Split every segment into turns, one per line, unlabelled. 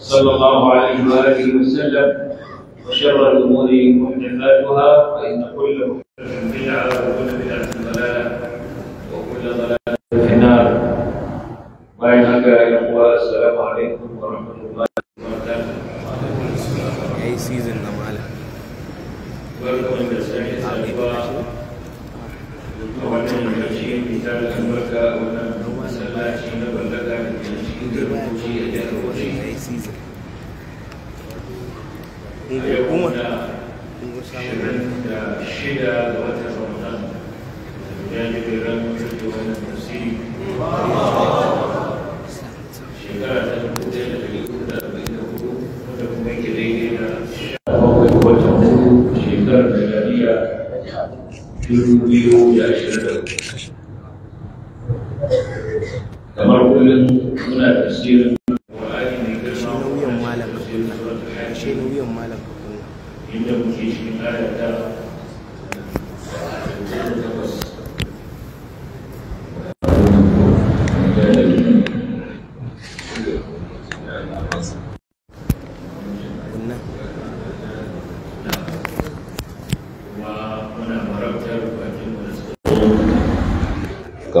صلى الله عليه وآله وسلم وشر الأمور محدثاتها فإن كل محدث بدعة وكل بدعة ضلالة وكل ضلالة في النار. وإنك يا إخوة السلام عليكم ورحمة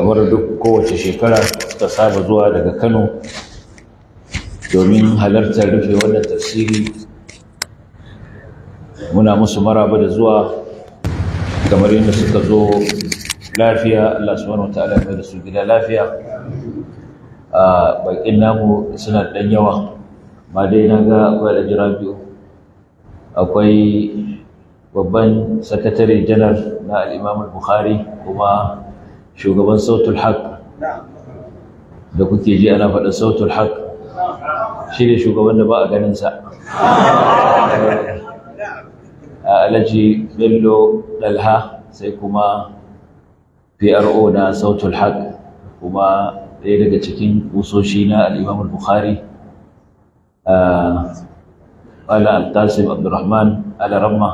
kamar duk kowace shekara suka saba zuwa daga kano domin halartar rufe wannan tafsiri muna musu maraba da zuwa kamar yadda suka zo lafiya allah subhanahu wa ta'ala mai da su gida lafiya a bakin namu suna dan yawa ma dai na ga akwai da jira biyu akwai babban sakatare janar na al'imamul bukhari kuma shugaban sautul haq da kuke ji ana faɗa sautul haq shi ne shugaban da ba a ganinsa a alaji bello dalha sai kuma pro na sautul haq kuma ɗaya daga cikin kusoshi na al'imamul bukhari ala Al-Tasim abdurrahman ala ramma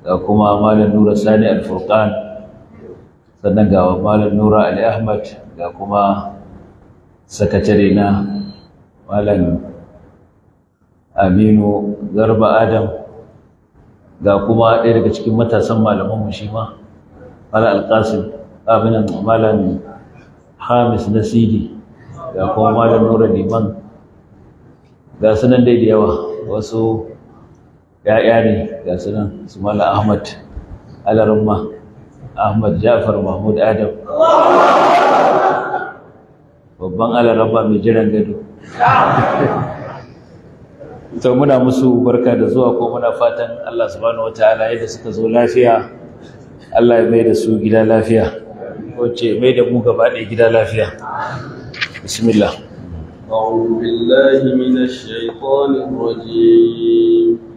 da kuma malam nura sani Furqan. sannan ga malam nura ali ahmad ga kuma sakatare na malam aminu garba adam ga kuma ɗaya daga cikin matasan malamanmu shi ma malam alkasim abinan malam hamis na Sidi, ga kuma malam nura liman ga sunan dai da yawa wasu ya'ya ne ga sunan su malam ahmad alaramma Ahmad Jafar Mahmud Adam babban Rabba mai jiran gado Ta muna musu barka da zuwa ko muna fatan Allah subhanahu ta'ala yadda suka zo lafiya Allah ya mai da su gida lafiya ko ce mai da mu gaba ɗaya gida lafiya bismillah
أعوذ بالله من الشيطان الرجيم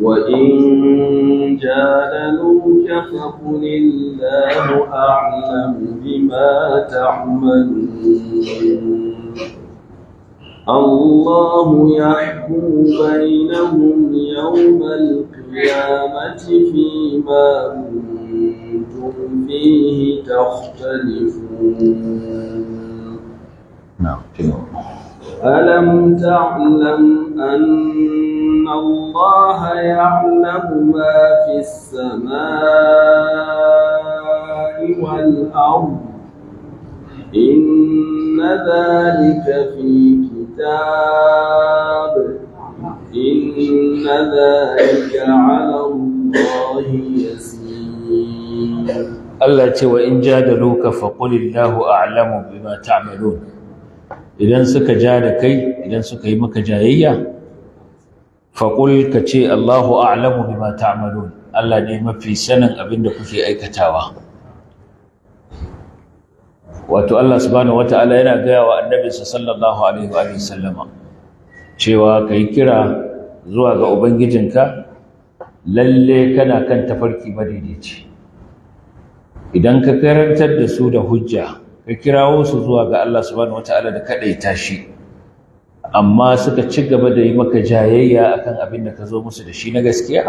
وإن جادلوك فقل الله أعلم بما تعملون الله يحكم بينهم يوم القيامة فيما كنتم فيه تختلفون نعم
ألم
تعلم أن إن الله يعلم ما في السماء والأرض إن ذلك في كتاب إن ذلك على الله يسير
الله تعالى إن جادلوك فقل الله أعلم بما تعملون idan suka ja da kai idan suka yi maka jayayya faƙul ka ce Allahu a'lamu bima ta'malun Allah ne mafi sanin abin da kuke aikatawa wato Allah subhanahu wata'ala yana gaya wa annabi sallallahu alaihi wa sallama cewa kai kira zuwa ga ubangijinka lalle kana kan tafarki madaidaici idan ka karantar da su da hujja ka kirawo su zuwa ga Allah subhanahu wata'ala da kadaita shi amma suka ci gaba da yi maka jayayya akan abin da ka zo musu da shi na gaskiya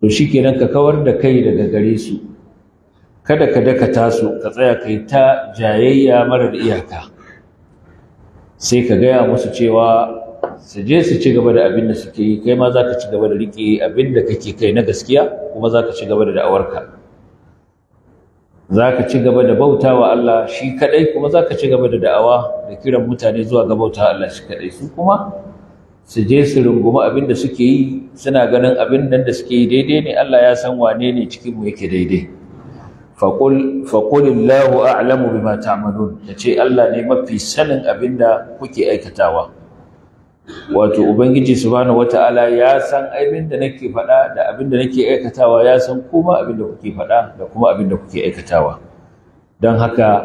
to shikenan ka kawar da kai daga gare su kada ka dakata su ka tsaya kai ta jayayya marar iyaka sai ka gaya musu cewa su je su ci gaba da abin da suke yi kai ma za ka ci gaba da riƙe abin da kake kai na gaskiya kuma za ka ci gaba da da'awarka zaka ci gaba da bauta wa Allah shi kadai kuma zaka ci gaba da da'awa da kiran mutane zuwa ga bauta Allah shi kadai su kuma su je su runguma abin da suke yi suna ganin abin nan da suke yi daidai ne Allah ya san wane ne cikin mu yake daidai faqul faqul Allahu a'lamu bima ta'malun yace Allah ne mafi sanin abin da kuke aikatawa wato ubangiji subhanahu wata'ala ya san abin da nake faɗa da abin da nake aikatawa ya san kuma abin da kuke faɗa da kuma abin da kuke aikatawa don haka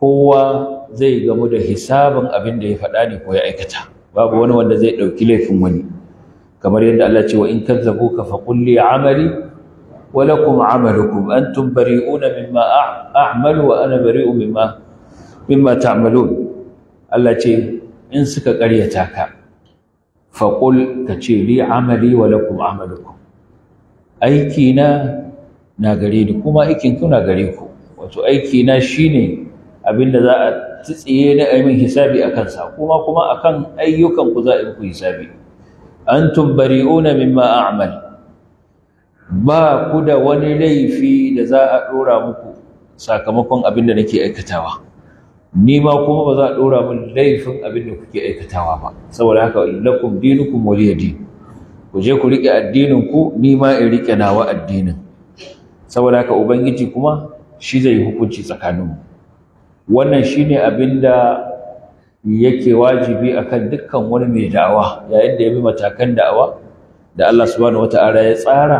kowa zai gamu da hisabin abin da ya faɗa ne ko ya aikata babu wani wanda zai ɗauki laifin wani kamar yadda Allah ce wa in kazzabuka fa qul li amali wa lakum amalukum antum bari'un mimma a'malu wa ana bari'u mimma mimma ta'malun Allah ce in suka ƙaryata ka faƙul ka ce li amali wa lakum amalukum aiki na na gare ni kuma aikin ku na gare ku wato aiki na shine abinda za a tsitsiye na min hisabi a kansa kuma kuma akan ayyukan ku za a yi ku hisabi antum bari'una mimma a'mal ba ku da wani laifi da za a dora muku sakamakon abinda nake aikatawa ni ma kuma ba za a dora min laifin abin da kuke aikatawa ba saboda haka lakum dinukum waliya din ku je ku rike addinin ku ni ma in rike nawa addinin saboda haka ubangiji kuma shi zai hukunci tsakanin mu wannan shine abin da yake wajibi akan dukkan wani mai da'awa yayin da ya bi matakan da'awa da Allah subhanahu wata'ala ya tsara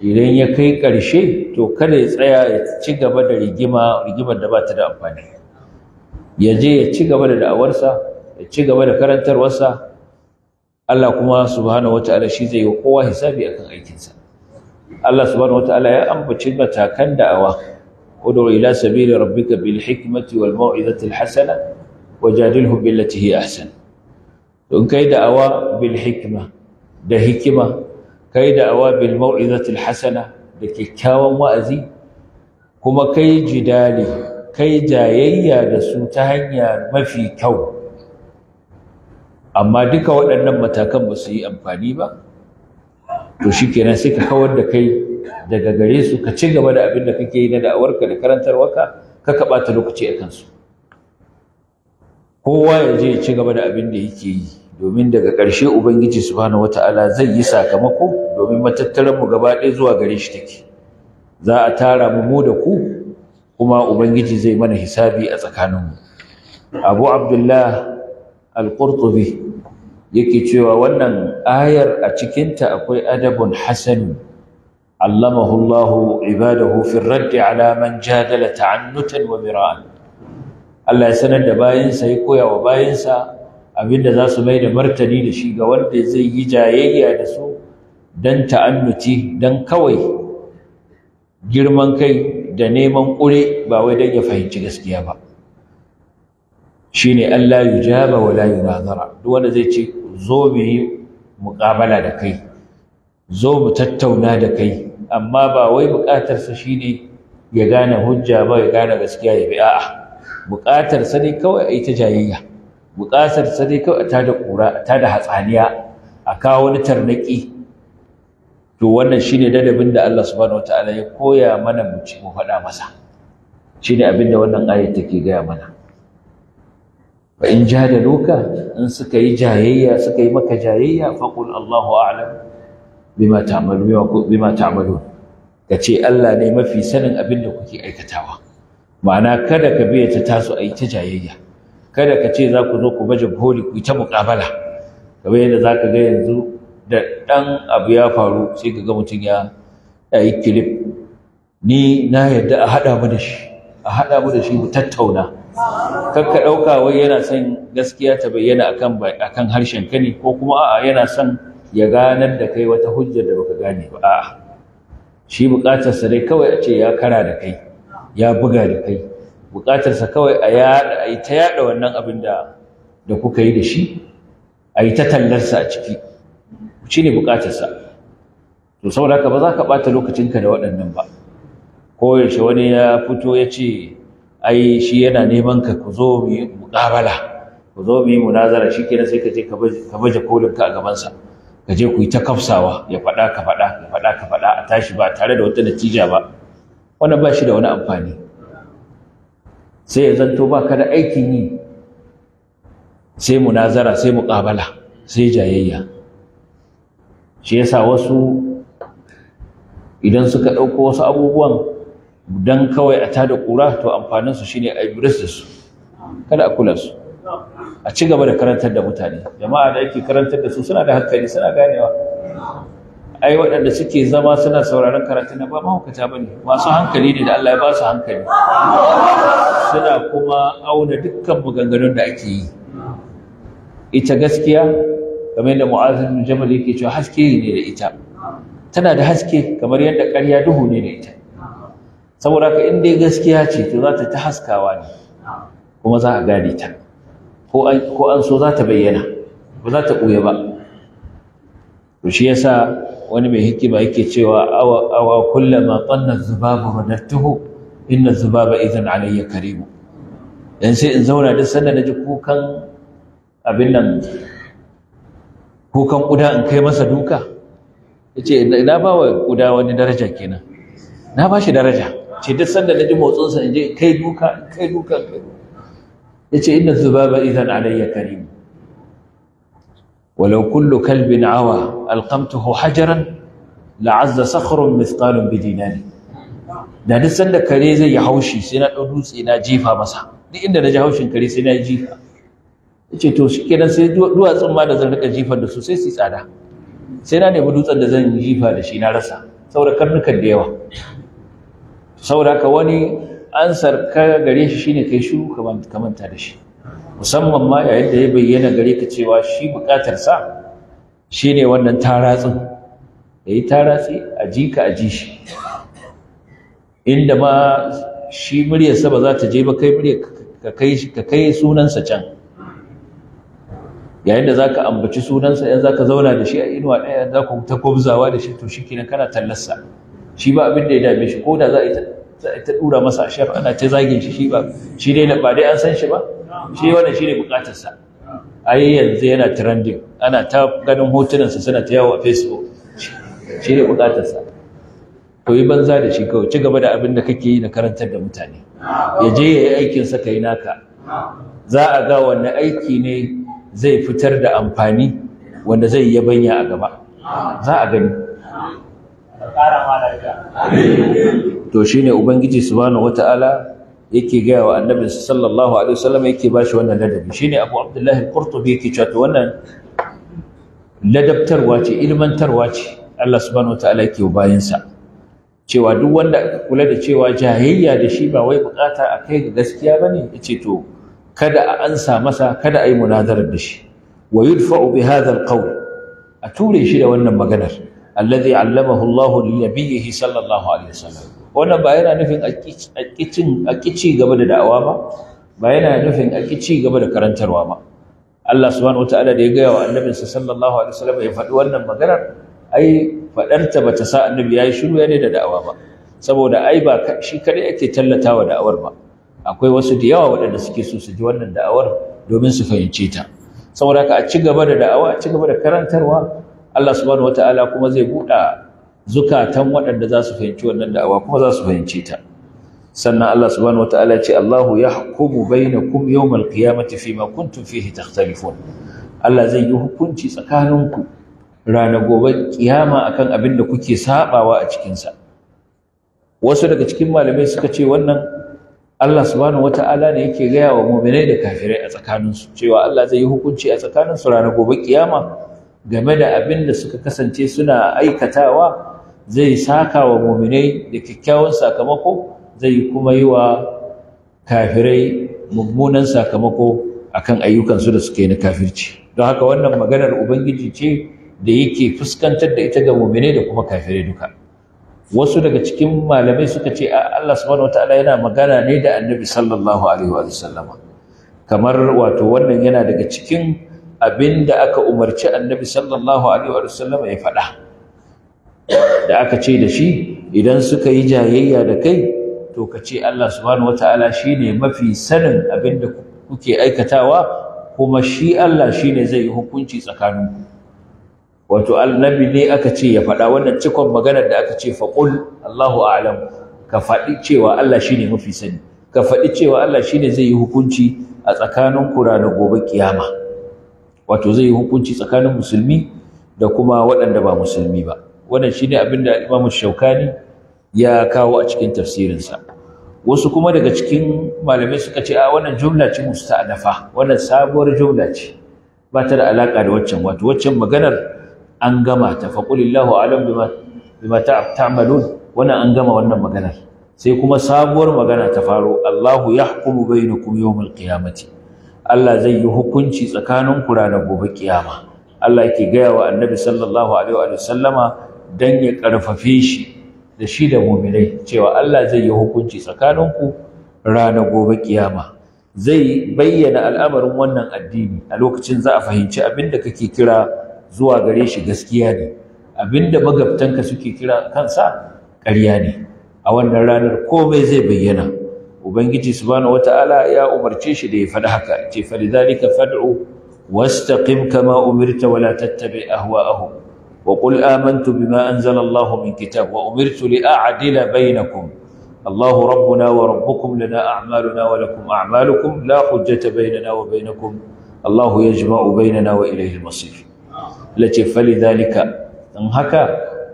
idan ya kai ƙarshe to kada ya tsaya ya ci gaba da rigima rigimar da ba ta da amfani ya je ya ci gaba da da'awarsa ya ci gaba da karantarwarsa Allah kuma subhanahu ta'ala, shi zai yi kowa hisabi akan aikinsa Allah subhanahu ta'ala, ya ambaci matakan da'awa ud'u ila sabili rabbika bil hikmati wal mau'izati al hasana wajadilhum billati hi ahsan don kai da'awa bil hikma da hikima kai da'awa bil mau'izati al hasana da kyakkyawan wa'azi kuma kai jidali kai jayayya da su ta hanya mafi kyau amma duka waɗannan matakan ba su yi amfani ba to shi kenan sai ka kawar da kai daga gare su ka ci gaba da abin da kake yi na da'awarka da karantarwarka ka ka ɓata lokaci a kansu kowa ya je ya ci gaba da abin da yake yi domin daga ƙarshe ubangiji subhanahu wata'ala zai yi sakamako domin matattaranmu gaba ɗaya zuwa gare shi take za a tara mu mu da ku kuma ubangiji zai mana hisabi a tsakaninmu abu abdullah al-qurtubi yake cewa wannan ayar a cikinta akwai adabun hasan allamahu allah ibadahu fi radd ala man jadala ta'annutan wa mira'an Allah ya sanar da bayansa ya koya wa bayansa abinda za su mai da martani da shi ga wanda zai yi jayayya da su don ta'annuti don kawai girman kai da neman ƙure ba wai don ya fahimci gaskiya ba shi ne an layu jaba wa layu nazara duk wanda zai ce zo mu yi muƙabala da kai zo mu tattauna da kai amma ba wai buƙatarsa shi ne ya gane hujja ba ya gane gaskiya ya bi a'a sa ne kawai a yi ta jayayya sa ne kawai a da ƙura a tada hatsaniya a kawo wani tarnaƙi to wannan shine dadabin da Allah subhanahu wataala ya koya mana mu ci mu faɗa masa shine abin da wannan ayat take gaya mana fa in jadaluka in suka yi jayayya suka yi maka jayayya faqul Allahu a'lam bima ta'malu bima ta'malun kace Allah ne mafi sanin abin da kuke aikatawa ma'ana kada ka biya ta taso ayi ta jayayya kada ka ce za ku zo ku baje koli ku yi ta muƙabala kamar yadda za ka ga yanzu da ɗan abu ya faru sai ka ga mutum ya yi kilif ni na yadda a haɗa mu da shi a haɗa mu da shi mu tattauna kakka ɗauka wai yana son gaskiya ta bayyana akan akan harshen kani, ko kuma a'a yana son ya ganar da kai wata hujjar da baka gane ba a'a shi buƙatarsa dai kawai a ce ya kara da kai ya buga da kai buƙatarsa kawai a yaɗa a yi ta yaɗa wannan abin da da kuka yi da shi a yi ta tallarsa a ciki shi ne bukatarsa to saboda haka ba za ka bata lokacin ka da waɗannan ba Ko yaushe wani ya fito ya ce ai shi yana neman ka ku zo mu yi muƙabala ku zo mu yi munazara shi kenan sai ka je ka baje kolinka a gabansa ka je ku yi ta kafsawa ya faɗa ka faɗa ya faɗa ka faɗa a tashi ba tare da wata natija ba wannan ba shi da wani amfani sai ya zanto ba ka da aikin yi sai munazara sai muƙabala sai jayayya shi yasa wasu idan suka ɗauko wasu abubuwan don kawai a tada ƙura to amfaninsu shi ne a yi da su kada a kula su a ci gaba da karantar da mutane jama'a da yake karantar da su suna da hankali suna ganewa ai waɗanda suke zama suna sauraron karatu na ba mahaukata ba ne masu hankali ne da Allah ya ba su hankali suna kuma auna dukkan maganganun da ake yi ita gaskiya kamar yadda mu'az bin yake cewa haske ne da ita tana da haske kamar yadda ƙarya duhu ne da ita saboda ka in dai gaskiya ce to za ta ta haskawa ne kuma za a gane ta ko an so za ta bayyana ba za ta ɓuya ba to shi yasa wani mai hikima yake cewa awa awa kullama tanna zubabu radattuhu inna zubaba idan alayya karimu dan sai in zauna duk sanda ji kukan abin nan kukan ƙuda in kai masa duka ya ce na ba wa ƙuda wani daraja kenan na ba shi daraja ce duk sanda na ji motsinsa in je kai duka in kai duka ya ce inna ba idan alayya karim walau kullu kalbin awa alqamtuhu hajaran la'azza sakhrun mithqalun bidinari da duk sanda kare zai yi haushi sai na ɗau dutse na jefa masa duk inda na ji haushin kare sai na jefa ce to shi kenan sai duwatsun ma da zan rika jifar da su sai su tsada sai na nemi dutsen da zan yi jifa da shi na rasa saboda karnukan da yawa saboda ka wani ansar ka gare shi shine kai shiru ka manta da shi musamman ma yayin da ya bayyana gare ka cewa shi bukatar sa shine wannan taratsin yayi taratsi a ji ka a ji shi inda ma shi muryarsa ba za ta je ba kai muryar ka kai sunansa can yayin da zaka ambaci sunansa yan zaka zauna da shi a inuwa ɗaya za ku ta kwabzawa da shi to shi kana tallarsa shi ba abin da ya dame shi ko da za a ta dura masa a shaf ana ta zage shi shi ba shi dai ba dai an san shi ba shi wannan shi ne bukatarsa ai yanzu yana trending ana ta ganin hotunan sa suna ta yawo a facebook shi ne bukatarsa to yi banza da shi kawai ci gaba da abin da kake yi na karantar da mutane
ya je ya yi
aikin ka naka za a ga wannan aiki ne zai fitar da amfani wanda zai yi yabanya a gaba za a gani to shine ubangiji subhanahu wataala yake gaya wa annabi sallallahu alaihi wasallam yake bashi wannan ladabi ne abu abdullahi al-qurtubi yake cewa to wannan ladabtarwa ce ilmantarwa ce Allah subhanahu wataala yake wa bayansa. cewa duk wanda kula da cewa jahayya da shi ba wai bukata a kai da gaskiya ya ce to kada a ansa masa kada a yi munazarar da shi wa yudfa'u bi hadha alqawl a ture shi da wannan maganar alladhi allamahu Allah li nabiyhi sallallahu alaihi wasallam wannan ba yana nufin akicin akici gaba da da'awa ba ba yana nufin akici gaba da karantarwa ba Allah subhanahu wataala da ya gaya wa annabinsa sallallahu alaihi wasallam ya faɗi wannan maganar ai faɗarta bata sa annabi yayi shiru ya da da'awa ba saboda ai ba shi kare ake tallatawa da'awar ba akwai wasu da yawa waɗanda suke so su ji wannan da'awar domin su fahimce ta saboda haka a ci gaba da da'awa a ci gaba da karantarwa Allah subhanahu wataala kuma zai buɗa zukatan waɗanda za su fahimci wannan da'awa kuma za su fahimce ta sannan Allah subhanahu wataala ya ce Allahu yahkumu bainakum yawmal qiyamati ma kuntum fihi takhtalifun Allah zai yi hukunci tsakaninku rana gobe kiyama akan abin da kuke sabawa a cikinsa. wasu daga cikin malamai suka ce wannan Allah subhanahu wata'ala ne yake gaya wa mu'minai da kafirai a tsakaninsu cewa Allah zai yi hukunci a tsakaninsu ranar gobe kiyama game da abin da suka kasance suna aikatawa zai saka wa mu'minai da kyakkyawan sakamako zai kuma yi wa kafirai mummunan sakamako akan ayyukansu da suke na kafirci don haka wannan maganar ubangiji ce da yake fuskantar da ita ga mu'minai da kuma kafirai duka wasu daga cikin malamai suka ce Allah subhanahu wataala yana magana ne da annabi sallallahu alaihi wa sallama kamar wato wannan yana daga cikin abin da aka umarci annabi sallallahu alaihi wa sallama ya faɗa da aka ce da shi idan suka yi jayayya da kai to ka ce Allah subhanahu wataala shine mafi sanin abin da kuke aikatawa kuma shi Allah shine zai yi hukunci tsakaninku wato annabi ne aka ce ya faɗa wannan cikon maganar da aka ce faƙul Allahu a'lam ka faɗi cewa Allah shine mafi sani ka faɗi cewa Allah shine zai yi hukunci a tsakanin kura da gobe kiyama wato zai yi hukunci tsakanin musulmi da kuma waɗanda ba musulmi ba wannan shine abin da Imam Shaukani ya kawo a cikin tafsirinsa wasu kuma daga cikin malamai suka ce a wannan jumla ce musta'nafa wannan sabuwar jumla ce ba ta da alaka da waccan wato waccan maganar an gama ta fa qulillahu alam bima bima ta'malun wannan an gama wannan maganar sai kuma sabuwar magana ta faro Allahu yahkumu bainakum yawmal qiyamati Allah zai yi hukunci tsakanin ku ranar gobe kiyama Allah yake gaya wa Annabi sallallahu alaihi wa sallama dan ya karfafe shi da shi da mu'minai cewa Allah zai yi hukunci tsakanin ku ranar gobe kiyama zai bayyana al'amarin wannan addini a lokacin za a fahimci abin da kake kira zuwa gare shi gaskiya ne abinda magabtanka suke kira kansa ƙarya ne a wannan ranar komai zai bayyana ubangiji subhanahu wata'ala ya umarce shi da ya faɗi haka ce fa lidhalika fad'u wastaqim kama umirta wa la tattabi ahwa'ahum wa qul amantu bima anzala Allahu min kitab wa umirtu li a'dila bainakum Allahu rabbuna wa rabbukum lana a'maluna wa lakum a'malukum la hujjata bainana wa bainakum Allahu yajma'u bainana wa ilayhi al-masir lace fali zalika in haka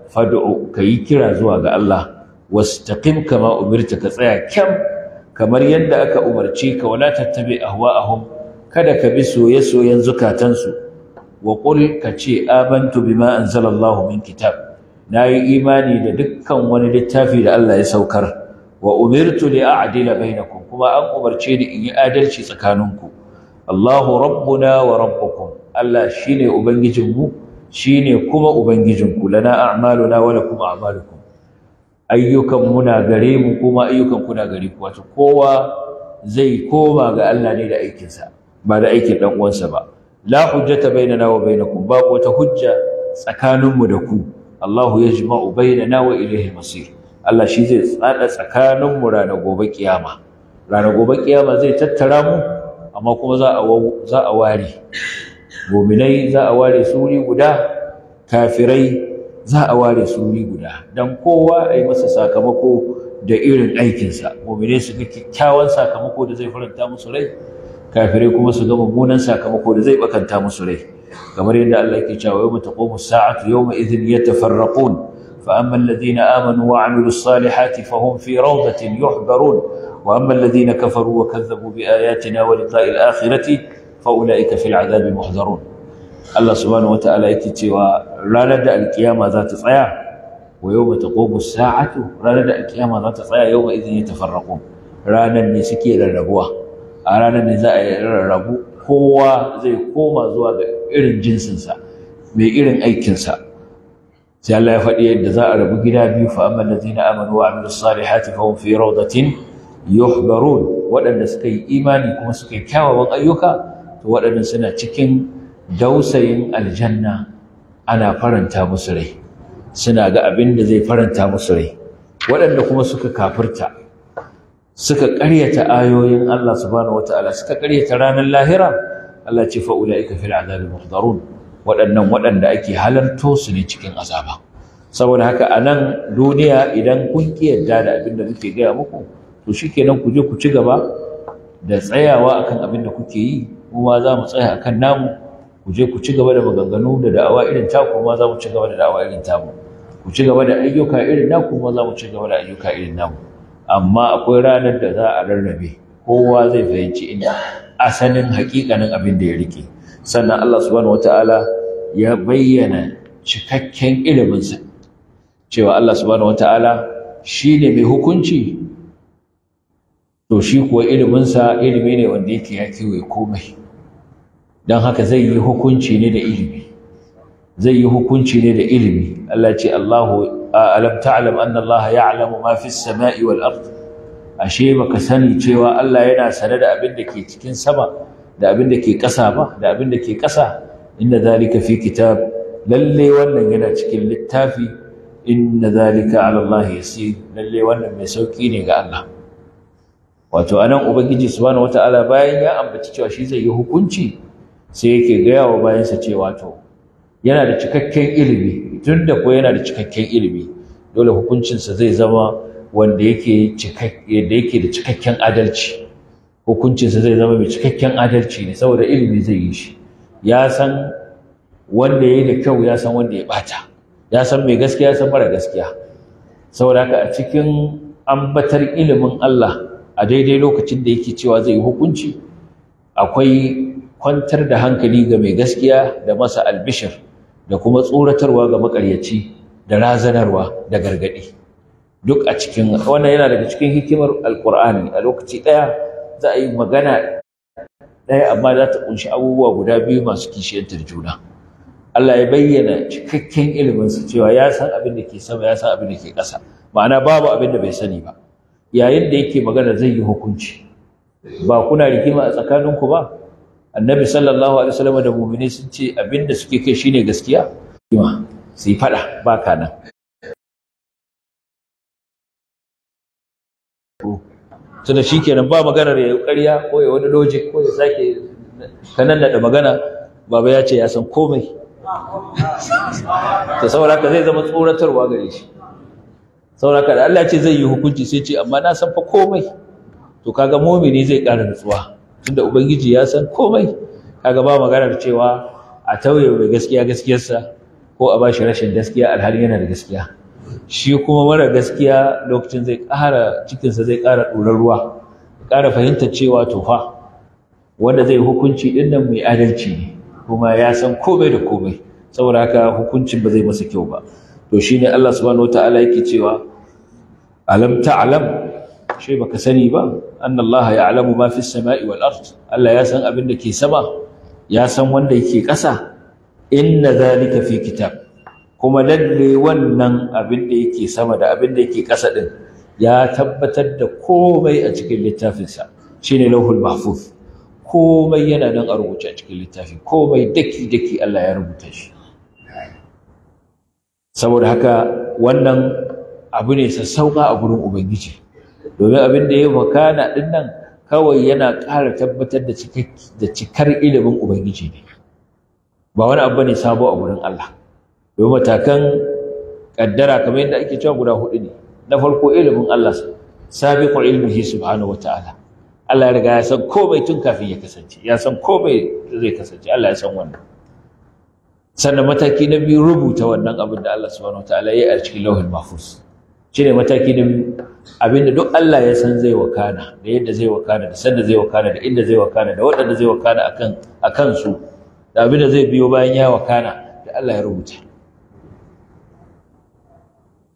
fad'u kayi kira zuwa ga Allah wastaqim kama umirta ka tsaya kyam kamar yadda aka umarce ka wala tattabi ahwa'ahum kada ka bi soye-soyen zukatansu wa qul ka ce amantu bima anzalallahu min kitab nayi imani da dukkan wani littafi da Allah ya saukar wa umirtu li a'dila bainakum kuma an umarce ni in yi adalci tsakaninku Allahu rabbuna wa rabbukum Allah shi shine ubangijinmu ne kuma ubangijinku lana a'maluna kuma a a'malukum ayyukan muna gare mu kuma ayyukan kuna gare ku wato kowa zai koma ga Allah ne da aikinsa ba da aikin ɗan'uwansa uwansa ba la hujjata bainana wa ku, ba wata hujja tsakaninmu da ku Allahu yajma'u na wa ilayhi masir Allah shi zai tsada tsakaninmu ranar gobe kiyama ranar gobe kiyama zai tattara mu amma kuma za a ware muminai za a ware su guda kafirai za a ware su guda dan kowa a yi masa sakamako da irin aikinsa muminai su ga kyakkyawan sakamako da zai faranta musu rai kafirai kuma su ga mummunan sakamako da zai bakanta musu rai kamar yadda Allah yake cewa yawma taqumu as-sa'atu yawma idhin yatafarraqun فأما الذين آمنوا وعملوا الصالحات فهم في روضة يحبرون وأما الذين كفروا وكذبوا بآياتنا ولقاء الآخرة fa'ula'ika fil azabi muhzarun Allah subhanahu wata'ala yake cewa ranar da alkiyama za ta tsaya wa yawma taqumu sa'atu ranar da alkiyama za ta tsaya yawma idin yatafarraqun ranar ne suke rarrabuwa a ranar ne za a rarrabu kowa zai koma zuwa ga irin jinsinsa mai irin aikinsa sai Allah ya faɗi yadda za a rabu gida biyu fa amma zina amanu wa amilus salihati fa hum fi rawdatin yuhbarun waɗanda suka yi imani kuma suka yi kyawawan ayyuka to waɗannan suna cikin dausayin aljanna ana faranta musu rai suna ga abin da zai faranta musu rai waɗanda kuma suka kafirta suka ƙaryata ayoyin Allah subhanahu wataala suka ƙaryata ranar lahira Allah ce fa ulaika fil azabi muhdarun waɗannan waɗanda ake halarto su ne cikin azaba saboda haka a nan duniya idan kun ki yarda da abin da muke gaya muku to shikenan ku je ku ci gaba da tsayawa akan abin da kuke yi kuma za mu tsaya kan namu ku je ku ci gaba da maganganu da da'awa irin ta kuma za mu ci gaba da da'awa irin mu? ku ci gaba da ayyuka irin na kuma za mu ci gaba da ayyuka irin namu amma akwai ranar da za a rarrabe kowa zai fahimci inda asalin hakikanin abin da ya rike sannan Allah subhanahu wataala ya bayyana cikakken iliminsa cewa Allah subhanahu wataala shi ne mai hukunci to shi kuwa iliminsa ilimi ne wanda yake ya kewaye komai don haka zai yi hukunci ne da ilimi zai yi hukunci ne da ilimi Allah ce Allahu alam ta'lam anna Allah ya'lamu ma fi samai wal ard ashe baka sani cewa Allah yana sane da abin da ke cikin sama da abin da ke ƙasa ba da abin da ke ƙasa inna zalika fi kitab lalle wannan yana cikin littafi inna zalika ala Allah yasir lalle wannan mai sauki ne ga Allah wato anan ubangiji subhanahu wataala bayan ya ambaci cewa shi zai yi hukunci sai yake gaya wa bayansa cewa to yana da cikakken ilimi tun da ko yana da cikakken ilimi dole hukuncinsa zai zama wanda yake da yake da cikakken adalci hukuncinsa zai zama mai cikakken adalci ne saboda ilimi zai yi shi ya san wanda ya yi da kyau ya san wanda ya ɓata, ya san mai gaskiya ya san mara gaskiya saboda haka a cikin ambatar ilimin Allah a daidai lokacin da yake cewa zai yi hukunci akwai kwantar da hankali ga mai gaskiya da masa albishir da kuma tsoratarwa ga makaryaci da razanarwa da gargadi duk a cikin wannan yana daga cikin hikimar alkur'ani a lokaci ɗaya za a yi magana ɗaya amma za ta kunshi abubuwa guda biyu masu kishiyantar juna Allah ya bayyana cikakken iliminsa cewa ya san abin da ke sama ya san abin da ke ƙasa ma'ana babu abin da bai sani ba yayin da yake magana zai yi hukunci ba kuna rikima a tsakaninku ba annabi sallallahu
alaihi wasallam da mu'mini sun ce abinda suke kai shine gaskiya kima su yi fada ba kana tunda shikenan ba maganar ya ƙarya ko ya wani logic ko ya sake kanan da
magana baba ya ce ya san komai to saboda ka zai zama tsoratarwa gare shi saboda ka da Allah ce zai yi hukunci sai ce amma na san fa komai to kaga mu'mini zai ƙara nutsuwa tunda ubangiji ya san komai kaga ba maganar cewa a tauye mai gaskiya gaskiyarsa ko a bashi rashin gaskiya alhali yana da gaskiya shi kuma mara gaskiya lokacin zai ƙara cikinsa zai ƙara ɗorar ruwa ƙara fahimtar cewa tofa wanda zai hukunci ɗin nan mai adalci ne kuma ya san komai da komai saboda haka hukuncin ba zai masa kyau ba to shi ne Allah subhanahu wataala yake cewa alam ta'lam shi baka sani ba anna Allah ya'lamu ma fi samai wal ard Allah ya san abin da ke sama ya san wanda yake ƙasa inna zalika fi kitab kuma lalle wannan abin da yake sama da abin da yake ƙasa din ya tabbatar da komai a cikin littafinsa shine lauhul mahfuz komai yana nan a rubuce a cikin littafi komai daki daki Allah ya rubuta shi saboda haka wannan abu ne sassauka a gurin ubangiji domin abin da ya makana din nan kawai yana ƙara tabbatar da cikar ilimin ubangiji ne ba wani abu ne sabo a gurin Allah domin matakan kaddara kamar yadda ake cewa guda hudu ne na farko ilimin Allah sabiqu ilmihi subhanahu wa ta'ala. Allah ya riga ya san komai tun kafin ya kasance ya san komai zai kasance Allah ya san wannan sannan mataki na biyu rubuta wannan abin da Allah subhanahu ta'ala ya yi a cikin lauhin mahfuz shine mataki na biyu abinda duk Allah ya san zai wakana da yadda zai wakana da sanda zai wakana da inda zai wakana da waɗanda zai wakana kansu, da abin da abinda zai biyo bayan ya wakana da Allah ya rubuta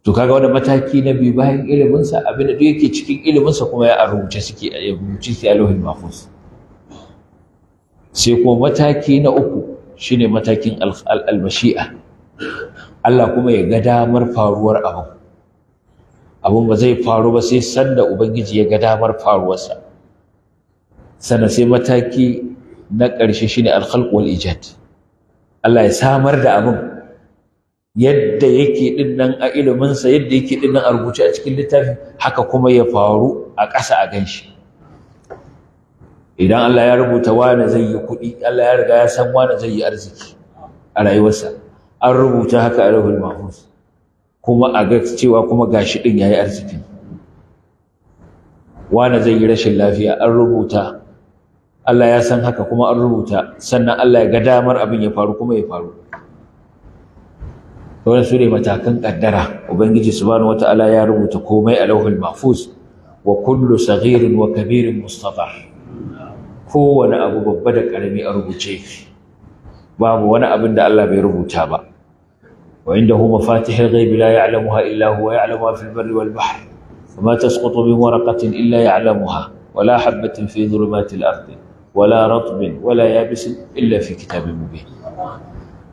to kaga wannan mataki na biyu bayan ilimin sa abinda duk yake cikin ilimin sa kuma ya rubuce suke a rubuce a lohin Mahfuz sai kuma mataki na uku shine matakin al-mashi'a Allah kuma ya ga damar faruwar abu abun ba zai faru ba sai sanda ubangiji ya ga damar faruwarsa Sana sai mataki na ƙarshe shine alkhalq wal ijad Allah ya samar da abin yadda yake din nan a iliminsa yadda yake din nan a rubuce a cikin littafi haka kuma ya faru a ƙasa a ganshi idan Allah ya rubuta wani zai yi kuɗi Allah ya riga ya san wani zai yi arziki a rayuwarsa an rubuta haka a rahul mahfuz kuma a ga cewa kuma gashi ya yayi arzikin wani zai yi rashin lafiya an rubuta Allah ya san haka kuma an rubuta sannan Allah ya ga damar abin ya faru kuma ya faru wannan su ne matakan kaddara ubangiji wata ala ya rubuta komai a lauhul mafus wa kullu saghirin wa kabirin mustafar kowane abu babba da karami a rubuce babu wani abin da Allah bai rubuta ba وعنده مفاتح الغيب لا يعلمها إلا هو يعلمها في البر والبحر وما تسقط من ورقة إلا يعلمها ولا حبة في ظلمات الأرض ولا رطب ولا يابس إلا في كتاب مبين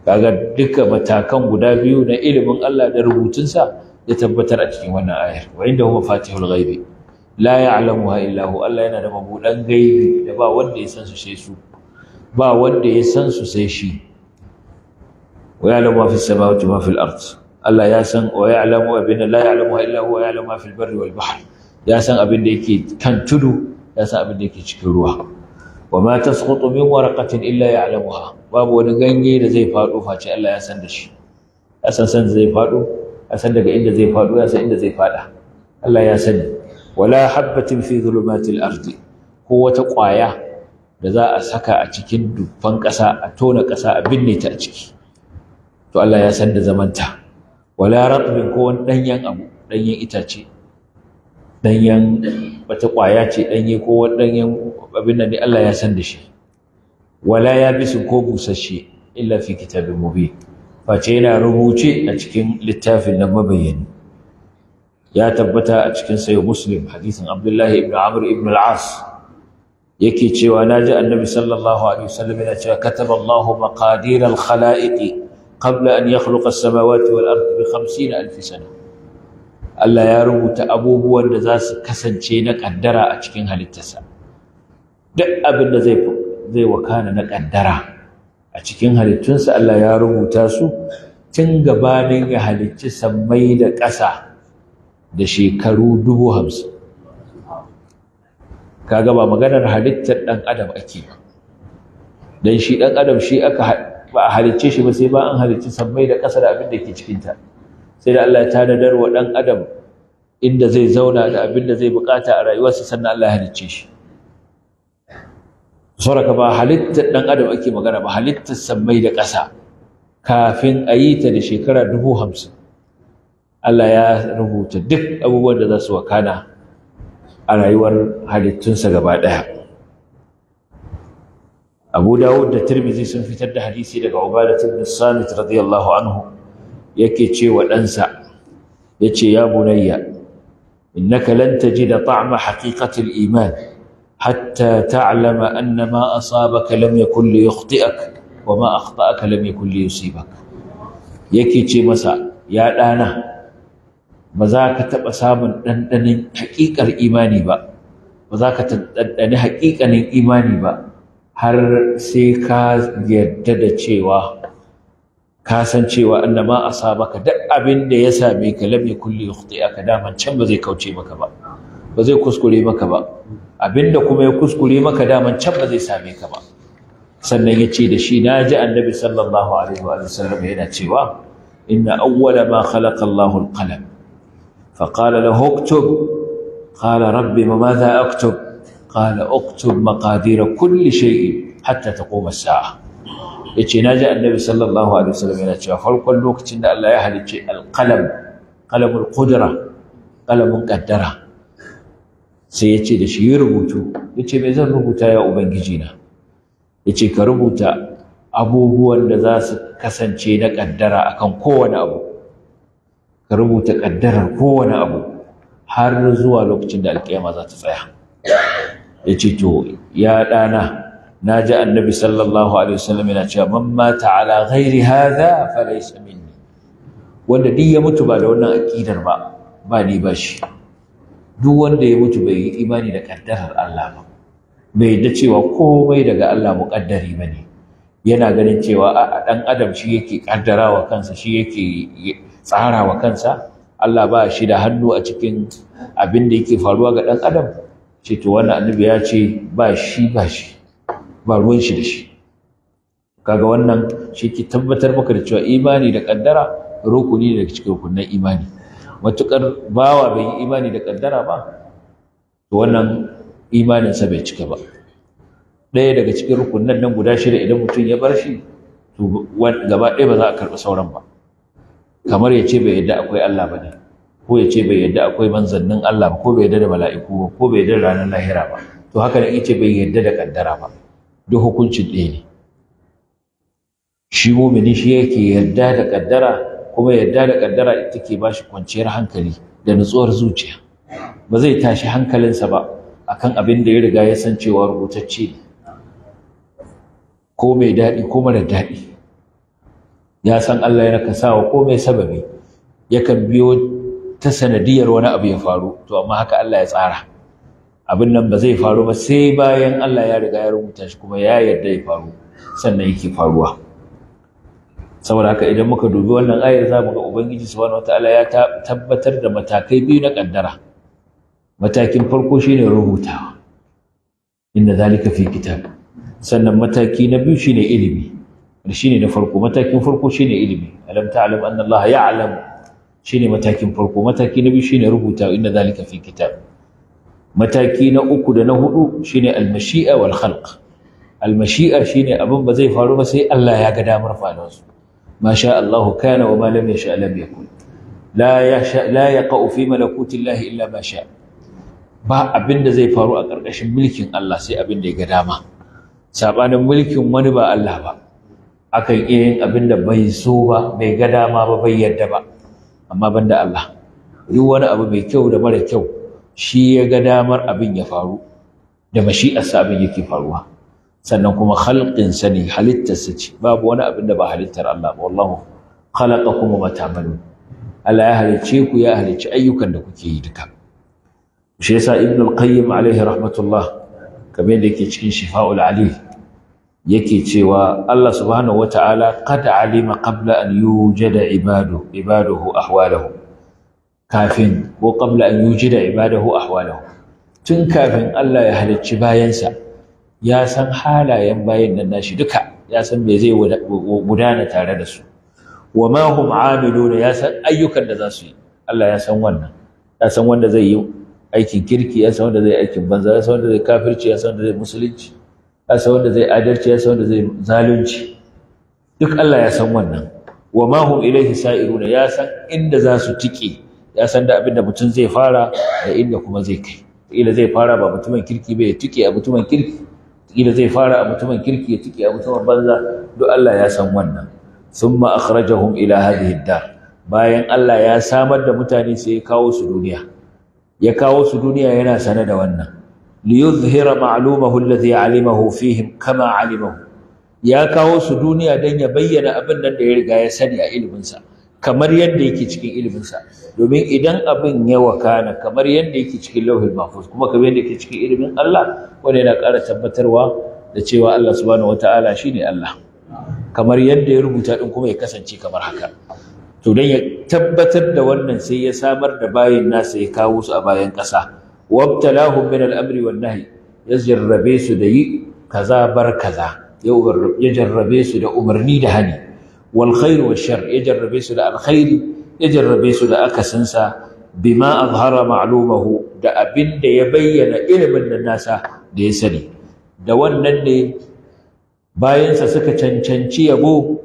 kaga duka matakan guda biyu na ilimin Allah da rubutunsa da tabbatar a cikin wannan ayar wa inda huwa fatihul ghaibi la ya'lamuha illa hu Allah yana da mabudan gaibi da ba wanda ya san su sai su ba wanda ya san su sai shi wa ya'lamu ma fis samawati wa ma fil ard Allah ya san wa ya'lamu abin la ya'lamu illa huwa ya'lamu ma fil barri wal ya san abin da yake kan tudu ya san abin da yake cikin ruwa wa ma tasqutu min waraqatin illa ya'lamuha babu wani ganye da zai fado face Allah ya san da shi ya san zai fado ya daga inda zai fado ya inda zai fada Allah ya sani wala habatin fi zulumatil ko wata kwaya da za a saka a cikin dubban ƙasa a tona ƙasa a binne ta a ciki to Allah ya san da zamanta wala ratbin ko wani danyen abu danyen itace danyen wata ce danye ko wani danyen abin da Allah ya san da shi wala ya bisu ko busasshe illa fi kitabin mubin face yana rubuce a cikin littafin nan mabayyani ya tabbata a cikin sayo muslim hadisin abdullahi ibn amr ibn al-as yake cewa Na ji annabi sallallahu alaihi wasallam yana cewa kataballahu Allahu maqadir al-khalaiqi قبل أن يخلق السماوات والأرض بخمسين ألف سنة Allah ya rubuta abubuwan da za su kasance na ƙaddara a cikin halittarsa duk abin da zai zai wakana na ƙaddara a cikin halittunsa Allah ya rubuta su cin gaba na ya halicci sammai da ƙasa da shekaru dubu hamsin kaga ba maganar halittar ɗan adam ake ba don shi ɗan adam shi aka ba a halicce shi ba sai ba an halicci sammai da ƙasa da abin da ke cikinta sai da Allah ya tanadar wa ɗan adam inda zai zauna da abin da zai buƙata a rayuwarsa sannan Allah ya halicce shi sauraka ba halittar ɗan adam ake magana ba halittar sammai da ƙasa kafin a yi ta da shekara dubu hamsin Allah ya rubuta duk abubuwan da za su wakana a rayuwar halittunsa gaba ɗaya abu dawud da tirmizi sun fitar da hadisi daga ubadat ibn samit radiyallahu anhu yake cewa ɗansa yace ya bunayya innaka lan tajida ta'ma haqiqati al-iman hatta ta'lama anna ma asabaka lam yakun li yukhti'ak wa ma akhta'aka lam yakun li yusibak yake ce masa ya ɗana ba za ka taɓa samun ɗanɗanin haƙiƙar imani ba ba za ka ɗanɗani haƙiƙanin imani ba har sai ka yarda da cewa ka san cewa annama asabaka duk abin da ya same ka lam yakul li aka daman can ba zai kauce maka ba ba zai kuskure maka ba abinda kuma ya kuskure maka daman can ba zai same ka ba sannan ya ce da shi na ji annabi sallallahu alaihi wa sallam yana cewa inna awwala ma khalaqa Allahu al-qalam fa qala lahu uktub qala rabbi ma madha aktub qala uktub maqadir kulli shay'in hatta taqum as-sa'a yace naji annabi sallallahu alaihi wasallam yana cewa farkon lokacin da Allah ya halicce al-qalam qalamul qudra qalamun qaddara sai yace da shi rubutu yace me zan rubuta ya ubangiji na yace ka rubuta abubuwan da za su kasance na ƙaddara akan kowane abu ka rubuta kaddarar kowane abu har zuwa lokacin da alƙiyama za ta tsaya ya ce to ya ɗana na ji annabi sallallahu alaihi wasallam yana cewa man mata ala ghairi hadha laysa minni wanda duk ya mutu ba da wannan aqidar ba ba ni ba shi duk wanda ya mutu bai yi imani da kaddarar Allah ba bai da cewa komai daga Allah muƙaddari ba ne yana ganin cewa a ɗan adam shi yake ƙaddara wa kansa shi yake tsara wa kansa Allah ba shi da hannu a cikin abin da yake faruwa ga ɗan adam ce to wannan annabi ya ce ba shi ba shi ba ruwan shi da shi kaga wannan shi ke tabbatar maka da cewa imani da kaddara rukuni ne daga cikin rukunan imani matukar bawa bai yi imani da kaddara ba to wannan imaninsa bai cika ba ɗaya daga cikin rukunan nan guda shida idan mutum ya bar shi to gaba ɗaya ba za a karɓi sauran ba kamar ya ce bai yadda akwai Allah ba ne ko ya ce bai yadda akwai manzannin Allah ba ko bai yadda da mala'iku ba ko bai yadda da ranar lahira ba to haka da ce bai yadda da kaddara ba duk hukuncin ɗaya ne shi mumini shi yake yadda da kaddara kuma yadda da kaddara ita ke shi kwanciyar hankali da nutsuwar zuciya ba zai tashi hankalinsa ba akan abin da ya riga ya san cewa rubutacce ne ko mai daɗi ko mara daɗi ya san Allah ya ko mai sababi yakan biyo ta sanadiyar wani abu ya faru to amma haka Allah ya tsara abin nan ba zai faru ba sai bayan Allah ya riga ya rubuta shi kuma ya yarda ya faru sannan yake faruwa saboda haka idan muka dubi wannan ayar za mu ga ubangiji subhanahu wataala ya tabbatar da matakai biyu na kaddara matakin farko shine rubutawa inna zalika fi kitab sannan mataki na biyu shine ilimi shine na farko matakin farko shine ilimi alam ta'lam anna Allah ya'lamu shine matakin farko mataki na biyu shine rubuta inna zalika fi kitab mataki na uku da na hudu shine al-mashi'a wal khalq al-mashi'a shine abin ba zai faru ba sai Allah ya ga damar faruwar su ma sha Allahu kana wa ma lam yasha lam yakun la yasha la yaqa'u fi malakuti Allah illa ma sha ba abin da zai faru a karkashin mulkin Allah sai abin da ya ga dama sabanin mulkin wani ba Allah ba akan iya yin abin da bai so ba bai ga dama ba bai yarda ba amma banda Allah duk wani abu mai kyau da mara kyau shi ya ga damar abin ya faru da mashi'arsa abin yake faruwa sannan kuma khalqinsa ne halittarsa ce babu wani abin da ba halittar Allah ba wallahu khalaqakum kuma ta'malun Allah ya halicce ku ya halicci ayyukan da kuke yi duka shi yasa ibn al-qayyim alaihi rahmatullah kamar da yake cikin shifa'ul Ali? yake cewa Allah subhanahu wata'ala qad alima qabla an yujada ibadu ibaduhu ahwalahu kafin ko qabla an yujada ibadahu ahwalahu tun kafin Allah ya halicci bayansa ya san halayen bayan nan nashi duka ya san me zai gudana tare da su wa ma hum amiluna ya san ayyukan da za su yi Allah ya san wannan ya san wanda zai yi aikin kirki ya san wanda zai aikin banza ya san wanda zai kafirci ya san wanda zai musulunci ya san wanda zai adalci ya san wanda zai zalunci duk Allah ya san wannan wa ma hum ilaihi sa'irun ya san inda za su tike ya san da abinda mutum zai fara da inda kuma zai kai ila zai fara ba mutumin kirki bai tike a mutumin kirki ila zai fara a mutumin kirki ya tike a mutumin banza duk Allah ya san wannan summa akhrajahum ila hadhihi dar bayan Allah ya samar da mutane sai ya kawo su duniya ya kawo su duniya yana sane da wannan liyuzhira ma'lumahu alladhi alimahu fihim kama alimahu ya kawo su duniya dan ya bayyana abin nan da ya riga ya sani a ilimin sa kamar yadda yake cikin ilimin sa domin idan abin ya wakana kamar yadda yake cikin lauhul mahfuz kuma kamar yadda yake cikin ilimin Allah wanda yana ƙara tabbatarwa da cewa Allah subhanahu wataala shine Allah kamar yadda ya rubuta din kuma ya kasance kamar haka to dan ya tabbatar da wannan sai ya samar da bayin nasa ya kawo su a bayan ƙasa wabtalahum min amri wan ya jarrabe su da yi kaza bar kaza ya jarrabe su da umarni da hani wal khair wal shar ya jarrabe su da alkhairi ya jarrabe su da akasinsa bima azhara ma'lumahu da abin da ya bayyana ilimin nan nasa da ya sani da wannan ne bayansa suka cancanci yabo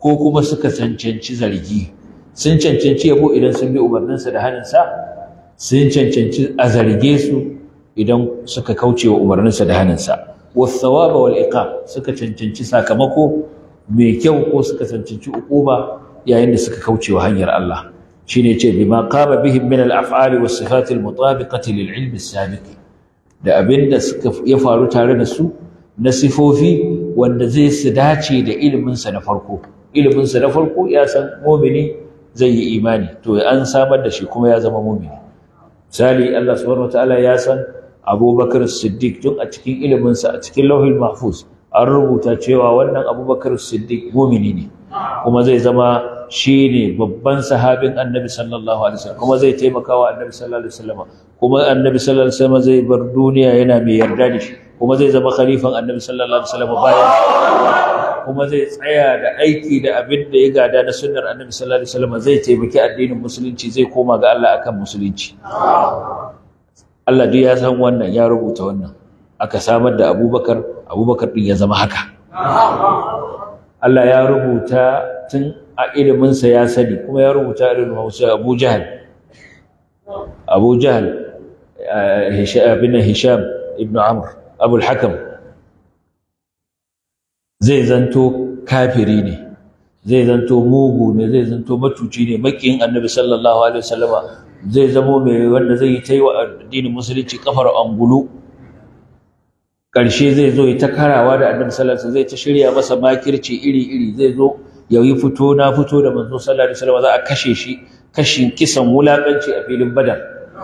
ko kuma suka cancanci zargi sun cancanci yabo idan sun bi umarninsa da haninsa sun cancanci a zarge su idan suka kauce wa umarninsa da hannunsa wasawaba wal iqab suka cancanci sakamako mai kyau ko suka cancanci ukuba yayin da suka kauce wa hanyar Allah shine ce bima qama bihim min al af'ali was sifat al mutabiqati lil ilm as sabiq da abinda suka ya faru tare da su na sifofi wanda zai su dace da iliminsa na farko Iliminsa na farko ya san mu'mini zai yi imani to an samar da shi kuma ya zama mu'mini misali Allah subhanahu wataala ya san Abubakar Siddiq tun a cikin iliminsa a cikin Lauhul Mahfuz an rubuta cewa wannan Abubakar Siddiq mumini ne kuma zai zama shine babban sahabin annabi sallallahu alaihi wasallam kuma zai taimaka wa annabi sallallahu alaihi wasallam kuma annabi sallallahu alaihi wasallam zai bar duniya yana mai yarda da shi kuma zai zama khalifan annabi sallallahu alaihi wasallam bayan kuma zai tsaya da aiki da abin da ya gada na sunnar annabi sallallahu alaihi wasallam zai taimaki addinin musulunci zai koma ga Allah akan musulunci Allah duk ya san wannan ya rubuta wannan aka samar da Abubakar Abubakar din ya zama haka Allah ya rubuta tun a iliminsa ya sani kuma ya rubuta irin hausa abu jahal abu jahal eh, abin hisham ibn amr abul hakam zai zanto kafiri ne zai zanto mugu ne zai zanto matuci ne makiyin annabi sallallahu alaihi wasallama zai zamo mai wanda zai yi ta yi wa addinin musulunci kafar angulu ƙarshe zai zo ya ta karawa da annabi sallallahu alaihi zai ta shirya masa makirci iri iri zai zo yayi fito na fito da manzo sallallahu salama. za a kashe shi kashin kisan wulakanci a filin badar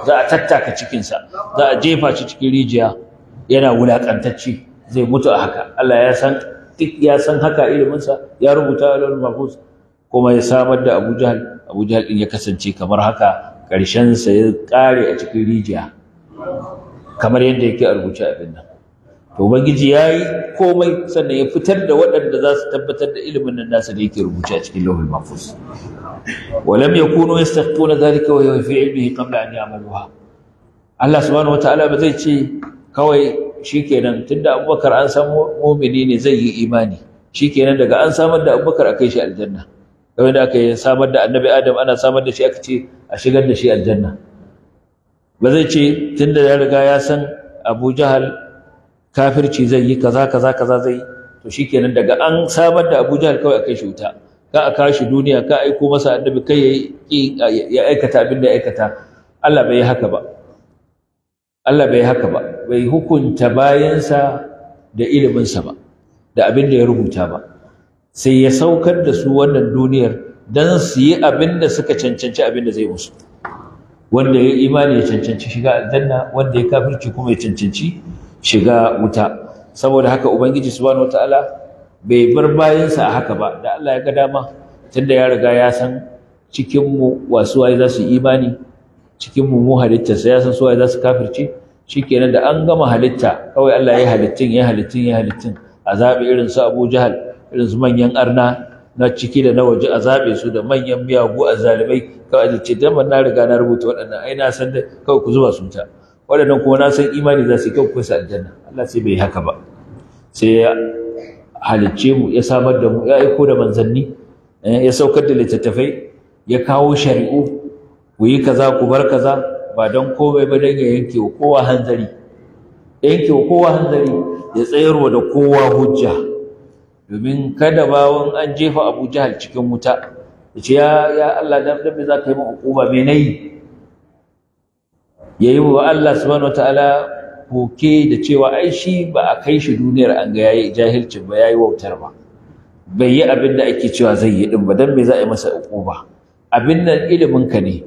za a tattaka cikinsa za a jefa shi cikin rijiya yana wulakantacci zai mutu a haka Allah ya san duk ya san haka iliminsa ya rubuta alal mafus kuma ya samar da Abu Jahal Abu Jahal ya kasance kamar haka karshen sa ya kare a cikin rijiya kamar yadda yake a rubuce abin nan to ubangiji ya yi komai sannan ya fitar da waɗanda za su tabbatar da ilimin nan nasa da yake rubuce a cikin lauhul mahfuz walam yakunu yastaqtuna dhalika wa huwa fi ilmihi qabla an amaluwa? Allah subhanahu wataala ba zai ce kawai shikenan tunda Abubakar an san mu'mini ne zai yi imani shikenan daga an samar da Abubakar akai shi aljanna kamar da aka yi samar da Annabi Adam ana samar da shi aka ce a shigar da shi aljanna ba zai ce tunda ya riga ya san Abu Jahal kafirci zai yi kaza kaza kaza zai yi to shikenan daga an samar da Abu Jahl kawai akai shuta ka aka shi duniya ka aiko masa annabi kai ya aikata abin da ya aikata Allah bai haka ba Allah bai haka ba bai hukunta bayansa da iliminsa ba da abin da ya rubuta ba sai ya saukar da su wannan duniyar don su yi abin da suka cancanci abin da zai musu wanda ya imani ya cancanci shiga aljanna wanda ya kafirci kuma ya cancanci shiga wuta saboda haka ubangiji subhanahu wataala bai bar bayansa a haka ba da Allah ya ga dama tunda ya riga ya san cikin wasu waye za su imani cikin mu mu halittarsa ya san su waye za su kafirce shikenan da an gama halitta kawai Allah ya yi halittun ya halittun ya halittun azabi irin su Abu Jahal irin su manyan arna na ciki da na waje azabe su da manyan miyagu azalimai kawai ce dan na riga na rubuta waɗannan ai na san da kawai ku zuba su ta waɗannan kuma na san imani za su kyau kusa aljanna Allah sai bai haka ba sai ya halicce mu ya samar da mu ya aiko da manzanni eh, ya saukar da littattafai ya kawo shari'u ku yi kaza ku bar kaza ba don komai ba don ya yanke wa kowa hanzari ya yanke kowa hanzari ya tsayarwa da kowa hujja domin kada bawon an jefa abu jahal cikin wuta ya ce ya Allah dan dan za ka yi min hukuma me nayi yayi wa Allah subhanahu wataala koke da cewa ai shi ba a kai shi duniyar an ga yayi jahilcin ba yayi wautar ba bai yi abin da ake cewa zai yi din ba dan me za a yi masa ba? abin nan ilimin ka ne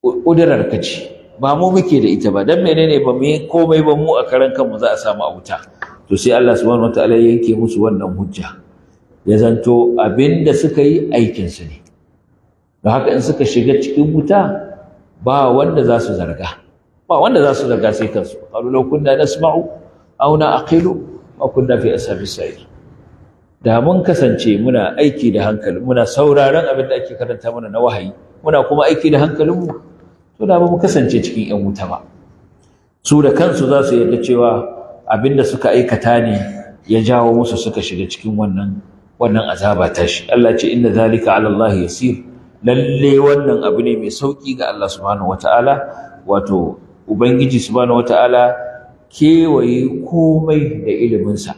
kudurar ka ce ba mu muke da ita ba dan menene ba mu komai ba mu a karan kanmu za a samu a wuta to sai Allah subhanahu wataala yanke musu wannan hujja ya zanto abin da suka yi aikinsu ne don haka in suka shiga cikin wuta ba wanda za su zarga ba wanda za su zarga sai kansu qalu law kunna nasma'u auna na'qilu ma kunna fi da mun kasance muna aiki da hankali muna sauraron abin da ake karanta mana na wahayi muna kuma aiki da hankalinmu to da mun kasance cikin yan wuta ba su da kansu za su yarda cewa abin da suka aikata ne ya jawo musu suka shiga cikin wannan wannan azaba tashi Allah ce inna zalika ala Allah yasir lalle wannan abu ne mai sauki ga Allah subhanahu wata'ala wato ubangiji subhanahu wata'ala kewaye komai da iliminsa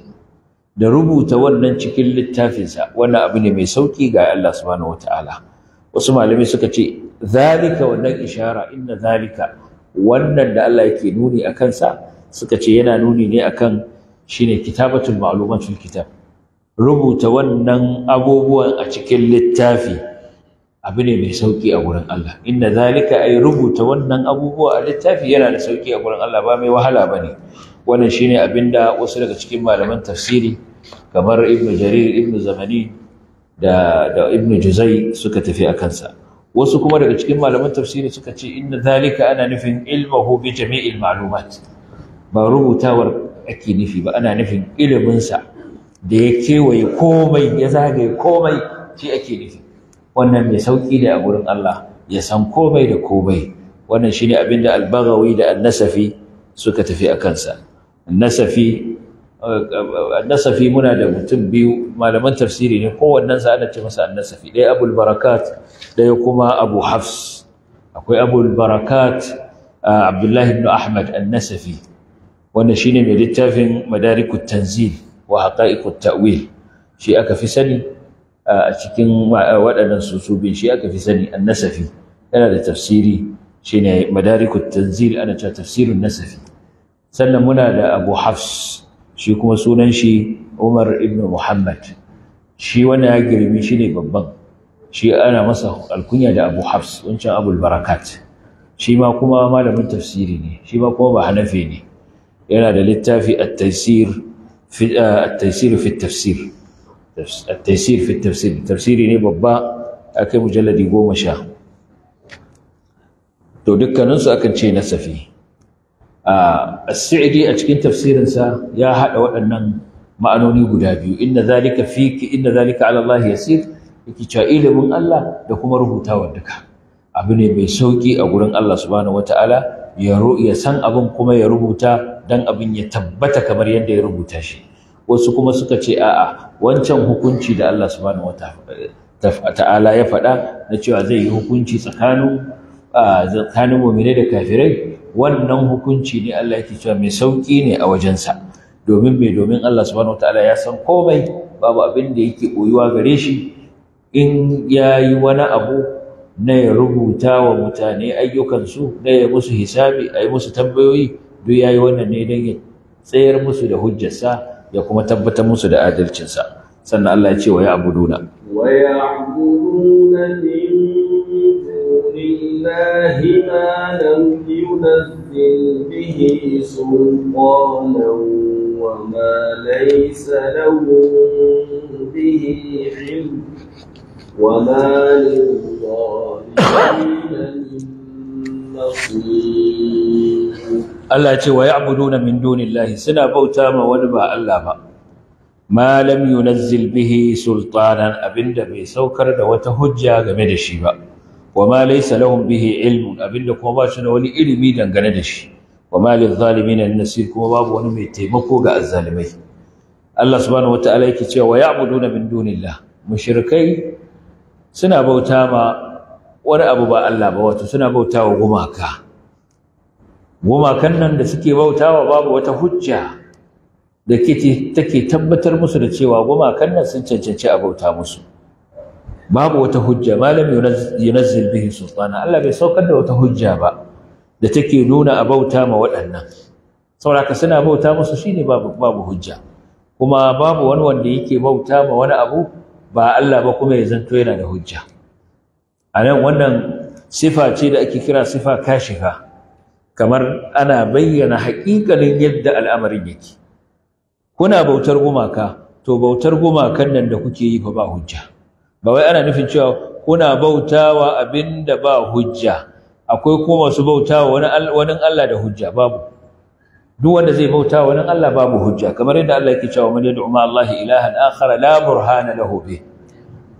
da rubuta wannan cikin littafinsa wannan abu ne mai sauki ga Allah subhanahu wata'ala wasu malami suka ce zalika wannan ishara inna zalika wannan da Allah yake nuni a kansa suka ce yana nuni ne akan shine kitabatul ma'lumatul kitab rubuta wannan abubuwan a cikin littafi abu ne mai sauki a gurin Allah inda zalika ai rubuta wannan abubuwa a littafi yana da sauki a gurin Allah ba mai wahala ba ne. wannan shine abinda wasu daga cikin malaman tafsiri kamar Ibn Jarir Ibn Zamani da da Ibn Juzai suka tafi a kansa. wasu kuma daga cikin malaman tafsiri suka ce inna zalika ana nufin ilmuhu bi jami'il ma'lumat ba rubutawar ake nufi ba ana nufin ilimin sa da ya kewaye komai ya zagaye komai shi ake nufi wannan mai sauki ne a gurin Allah ya san komai da komai wannan shine abin da al da an-Nasafi suka tafi a kansa an-Nasafi muna da mutum biyu malaman tafsiri ne kowannen sa ana ce masa annasafi nasafi ɗaya Abul Barakat ɗaya kuma Abu Hafs akwai Abul Barakat Abdullahi ibn Ahmad an-Nasafi wannan shine mai littafin Madarikut Tanzil wa Haqa'iqut Ta'wil shi aka fi sani a cikin waɗannan susubin shi aka fi sani nasafi. yana da tafsiri shine madarikut tanzil ana cewa nasafi sannan muna da abu hafs shi kuma sunan shi umar ibn muhammad shi wannan ya girmi shi ne babban shi ana masa alkunya da abu hafs wancan abul barakat shi ma kuma malamin tafsiri ne shi ma kuma ba hanafi ne yana da littafi at-taysir fi at fi at-tafsir التيسير في التفسير تفسيري ne babba akai mujalladi goma sha. to dukkanin akan ce nasafi as-sa'idi a cikin tafsirin sa ya hada waɗannan ma'anoni guda biyu inna zalika fiki inna zalika ala Allah yasir yake ilimin Allah da kuma rubutawar duka abu ne mai sauƙi a gurin Allah subhanahu wataala ya san abin kuma ya rubuta dan abin ya tabbata kamar yadda ya rubuta shi wasu kuma suka ce a'a wancan hukunci da Allah subhanahu ta'ala ya faɗa na cewa zai yi hukunci tsakanin tsakanin mu'mine da kafirai wannan hukunci ne Allah yake cewa mai sauki ne a wajensa domin mai domin Allah subhanahu ta'ala ya san komai babu abin da yake boyuwa gare shi in ya yi wani abu na ya rubuta wa mutane ayyukansu na ya musu hisabi a yi musu tambayoyi duk ya yi wannan ne don ya tsayar musu da hujjarsa ya kuma tabbatar musu da adalcinsa sannan Allah ya ce wa ya'buduna
wa ya'buduna Waya dunillahi ma lam yunazzil bihi sultanan wa ma laysa lahum bihi ilm wa ma lil
Allah ce wa ya'buduna min dunillahi suna bauta ma wani ba Allah ba ma lam yunazzil bihi sultanan abinda bai saukar da wata hujja game da shi ba wa ma laysa lahum bihi ilmun abinda kuma ba shi da wani ilimi dangane da shi wa ma lil zalimin nasir kuma babu wani mai taimako ga azzalimai Allah subhanahu wataala yake cewa wa ya'buduna min dunillah mushrikai suna bauta ma wani abu ba Allah ba wato suna bautawa gumaka gumakan nan da suke bautawa babu wata hujja da take tabbatar musu da cewa gumakan nan sun cancanci a bauta musu babu wata hujja malam yunazzil bihi sultana Allah bai saukar da wata hujja ba da take nuna a bauta ma waɗannan sauraka suna bauta musu shine babu babu hujja kuma babu wani wanda yake bauta ma wani abu ba Allah ba kuma ya zanto yana da hujja a nan wannan sifa ce da ake kira sifa kashifa kamar ana bayyana haƙiƙanin yadda al'amarin yake kuna bautar gumaka to bautar gumakan nan da kuke yi fa ba hujja ba wai ana nufin cewa kuna bautawa abin da ba hujja akwai kuma masu bautawa wani Allah da hujja babu duk wanda zai bauta wa Allah babu hujja kamar yadda Allah yake cewa man yad'u ma Allah ilahan akhar la burhana lahu bi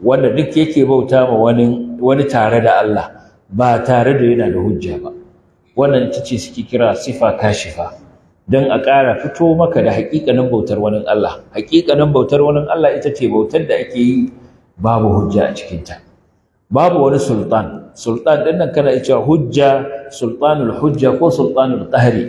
wanda duk yake bauta ma wani wani tare da Allah ba tare da yana da hujja ba wannan ita ce suke kira sifa kashifa dan a ƙara fito maka da haƙiƙanin bautar wani Allah haƙiƙanin bautar wani Allah ita ce bautar da ake yi babu hujja a cikinta babu wani sultan sultan din nan kana cewa hujja sultanul hujja ko sultanul tahri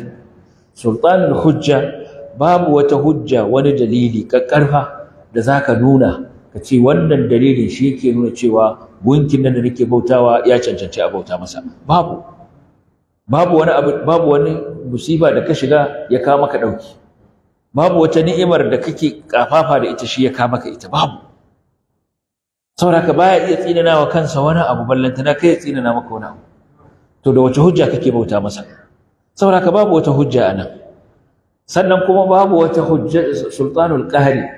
sultanul hujja babu wata hujja wani dalili ƙarfa da zaka nuna ka ce wannan dalilin shi ke nuna cewa gunkin nan da nake bautawa ya cancanci a bauta masa babu babu wani abu babu wani musiba da ka shiga ya kawo maka dauki babu wata ni'imar da kake kafafa da ita shi ya kawo maka ita babu saboda baya iya tsinana wa kansa wani abu ballantana kai ya tsinana maka wani abu to da wace hujja kake bauta masa saboda babu wata hujja nan, sannan kuma babu wata hujja sultanul qahri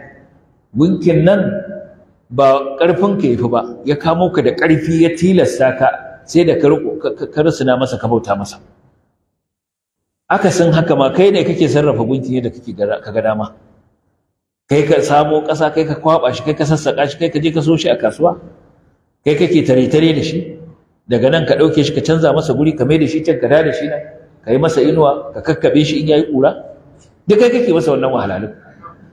gunkin nan ba ƙarfin ka yafi ba ya kamo ka da ƙarfi ya tilasta ka sai da ka ka rusuna masa ka bauta masa akasin haka ma kai ne kake sarrafa gunki ne da kake ka ga dama kai ka samo ƙasa kai ka kwaba shi kai ka sassaƙa shi kai ka je ka so shi a kasuwa kai kake tare tare da shi daga nan ka ɗauke shi ka canza masa guri ka mai da shi can ka da shi nan ka yi masa inuwa ka kakkaɓe shi in yayi ƙura duk kai kake masa wannan wahalhalun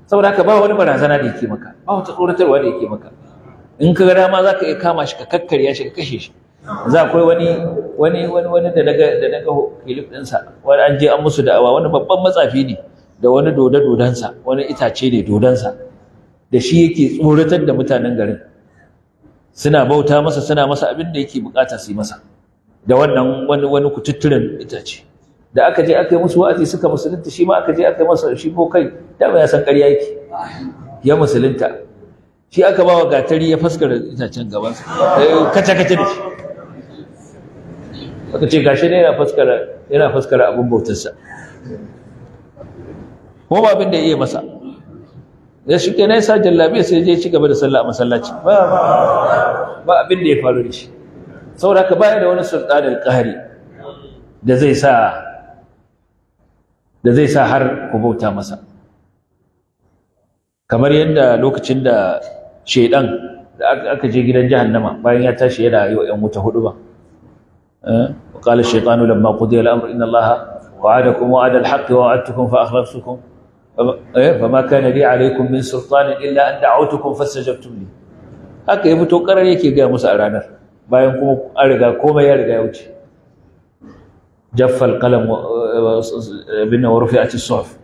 saboda haka ba wani barazana da yake maka ba wata tsoratarwa da yake maka in ka ga dama za ka iya kama shi ka kakkarya shi ka kashe shi za akwai wani wani wani wani da daga da daga kilif ɗinsa wani an je an musu da'awa wani babban matsafi ne da wani dode-dodan dodansa wani itace ne dodansa da shi yake tsoratar da mutanen garin suna bauta masa suna masa abin da yake bukata su yi masa da wannan wani wani kututturen itace da aka je aka yi musu wa'azi suka musulunta shi ma aka je aka yi masa shi ko kai da ba ya san ƙarya yake ya musulunta shi aka ba wa gatari ya faskara itacen gabansa kace eh, kace da shi aka ce gashi ne yana faskara yana abun bautar sa ko ba abin da ya iya masa da shi kenan sa jallabi sai je ci gaba da sallah a masallaci ba ba ba abin da ya faru da shi saboda haka baya da wani sultanin qahari da zai sa da zai sa har ku bauta masa kamar yadda lokacin da shaidan da aka je gidan jahannama bayan ya tashi yana yi wa ƴan wuta hudu ba eh, wa qala ash-shaytanu lamma qudiya al-amru inna allaha wa'adakum wa'ada al-haqqi wa'adtukum fa akhlaftukum فما كان لي عليكم من سلطان الا ان دعوتكم فاستجبتم لي haka ya fito karar yake ga musu a ranar bayan kuma an riga komai ya riga ya wuce jaffal qalam bin wa rufi'at as-suhuf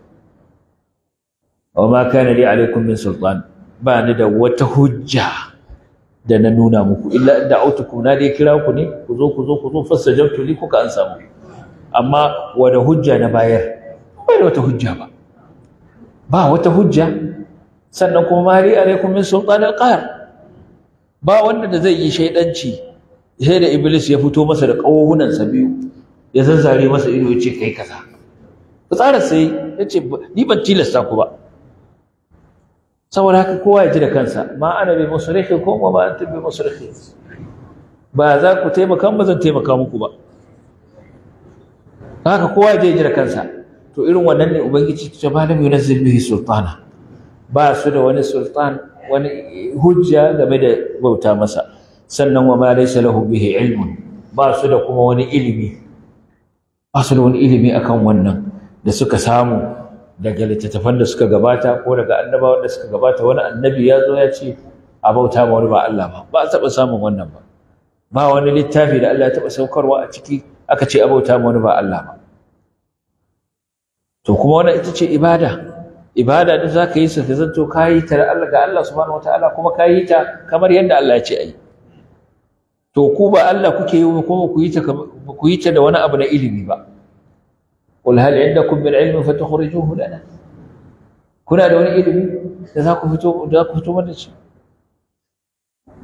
wa ma kana li alaykum min sultan ba ni da wata hujja da na nuna muku illa da'utukum na dai kira ku ne ku zo ku zo ku zo fastajabtu li kuka an samu amma wada hujja na bayar ba da wata hujja ba ba wata hujja sannan kuma mari alaikum min sultan al-qahr ba wanda da zai yi shaidanci sai da iblis ya fito masa da kawunan sa biyu ya zanzare masa ido ya ce kai kaza tsara sai ya ce ni ban tilasta ku ba saboda haka kowa ya ji da kansa ma ana bai musarihi ko ma ba ta bai musarihi ba za ku taimaka ba zan taimaka muku ba haka kowa ya ji da kansa to irin wannan ne ubangiji ta ba da yunus bin sultana ba su da wani sultan wani hujja game da bauta masa sannan wa ma laysa lahu bihi ilmun ba su da kuma wani ilimi asalin ilimi akan wannan da suka samu daga littattafan da suka gabata ko daga annabawan da suka gabata wani annabi ya zo ya ce a bauta ma wani ba Allah ba ba a taɓa samun wannan ba ba wani littafi da Allah ya taɓa saukarwa a ciki aka ce a bauta ma wani ba Allah ba to kuma wannan ita ce ibada ibada da za ka yi su ka zanto ka yi ta da Allah ga Allah subhanahu wataala kuma ka yi ta kamar yadda Allah ya ce a yi to ku ba Allah kuke yi kuma ku yi ta ku yi ta da wani abu na ilimi ba qul hal indakum min ilmin fatukhrijuhu lana kuna da wani ilimi da za ku fito da ku fito mana shi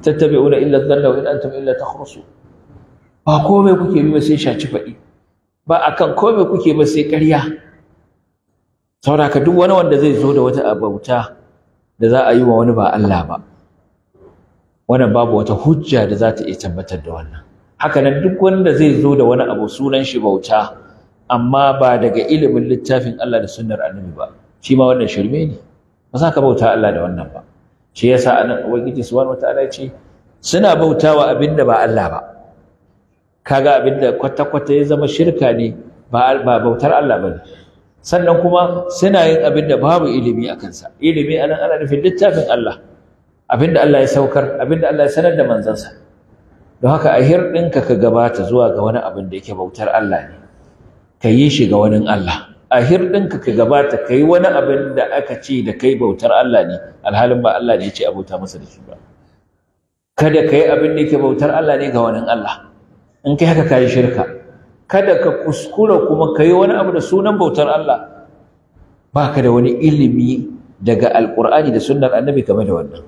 tattabi'una illa dhanna wa in antum illa takhrusu
ba komai kuke bi
ba sai shaci faɗi ba akan komai kuke ba sai ƙarya sauraka duk wani wanda zai zo da wata abauta da za a yi wa wani ba Allah ba wannan babu wata hujja da za ta iya tabbatar da wannan haka nan duk wanda zai zo da wani abu sunan shi bauta amma ba daga ilimin littafin Allah da sunnar annabi ba shi ma wannan shirme ne ba za ka bauta Allah da wannan ba shi yasa anan ubangiji subhanahu wataala ya ce suna bautawa abinda ba Allah ba kaga abinda kwata-kwata ya zama shirka ne ba bautar Allah bane sannan kuma suna yin abinda babu ilimi a kansa ilimi anan ana nufin littafin Allah abinda Allah ya saukar abinda Allah ya sanar da manzansa don haka a hirɗinka ka gabata zuwa ga wani abin da yake bautar Allah ne ka yi shi ga wani Allah a hirɗinka ka gabata ka yi wani abin da aka ce da kai bautar Allah ne alhalin ba Allah ne ce a bauta masa da shi ba kada ka yi abin da yake bautar Allah ne ga wani Allah in kai haka ka yi shirka kada ka kuskura kuma ka yi wani abu da sunan bautar Allah ba ka da wani ilimi daga alƙur'ani da sunnar annabi game da wannan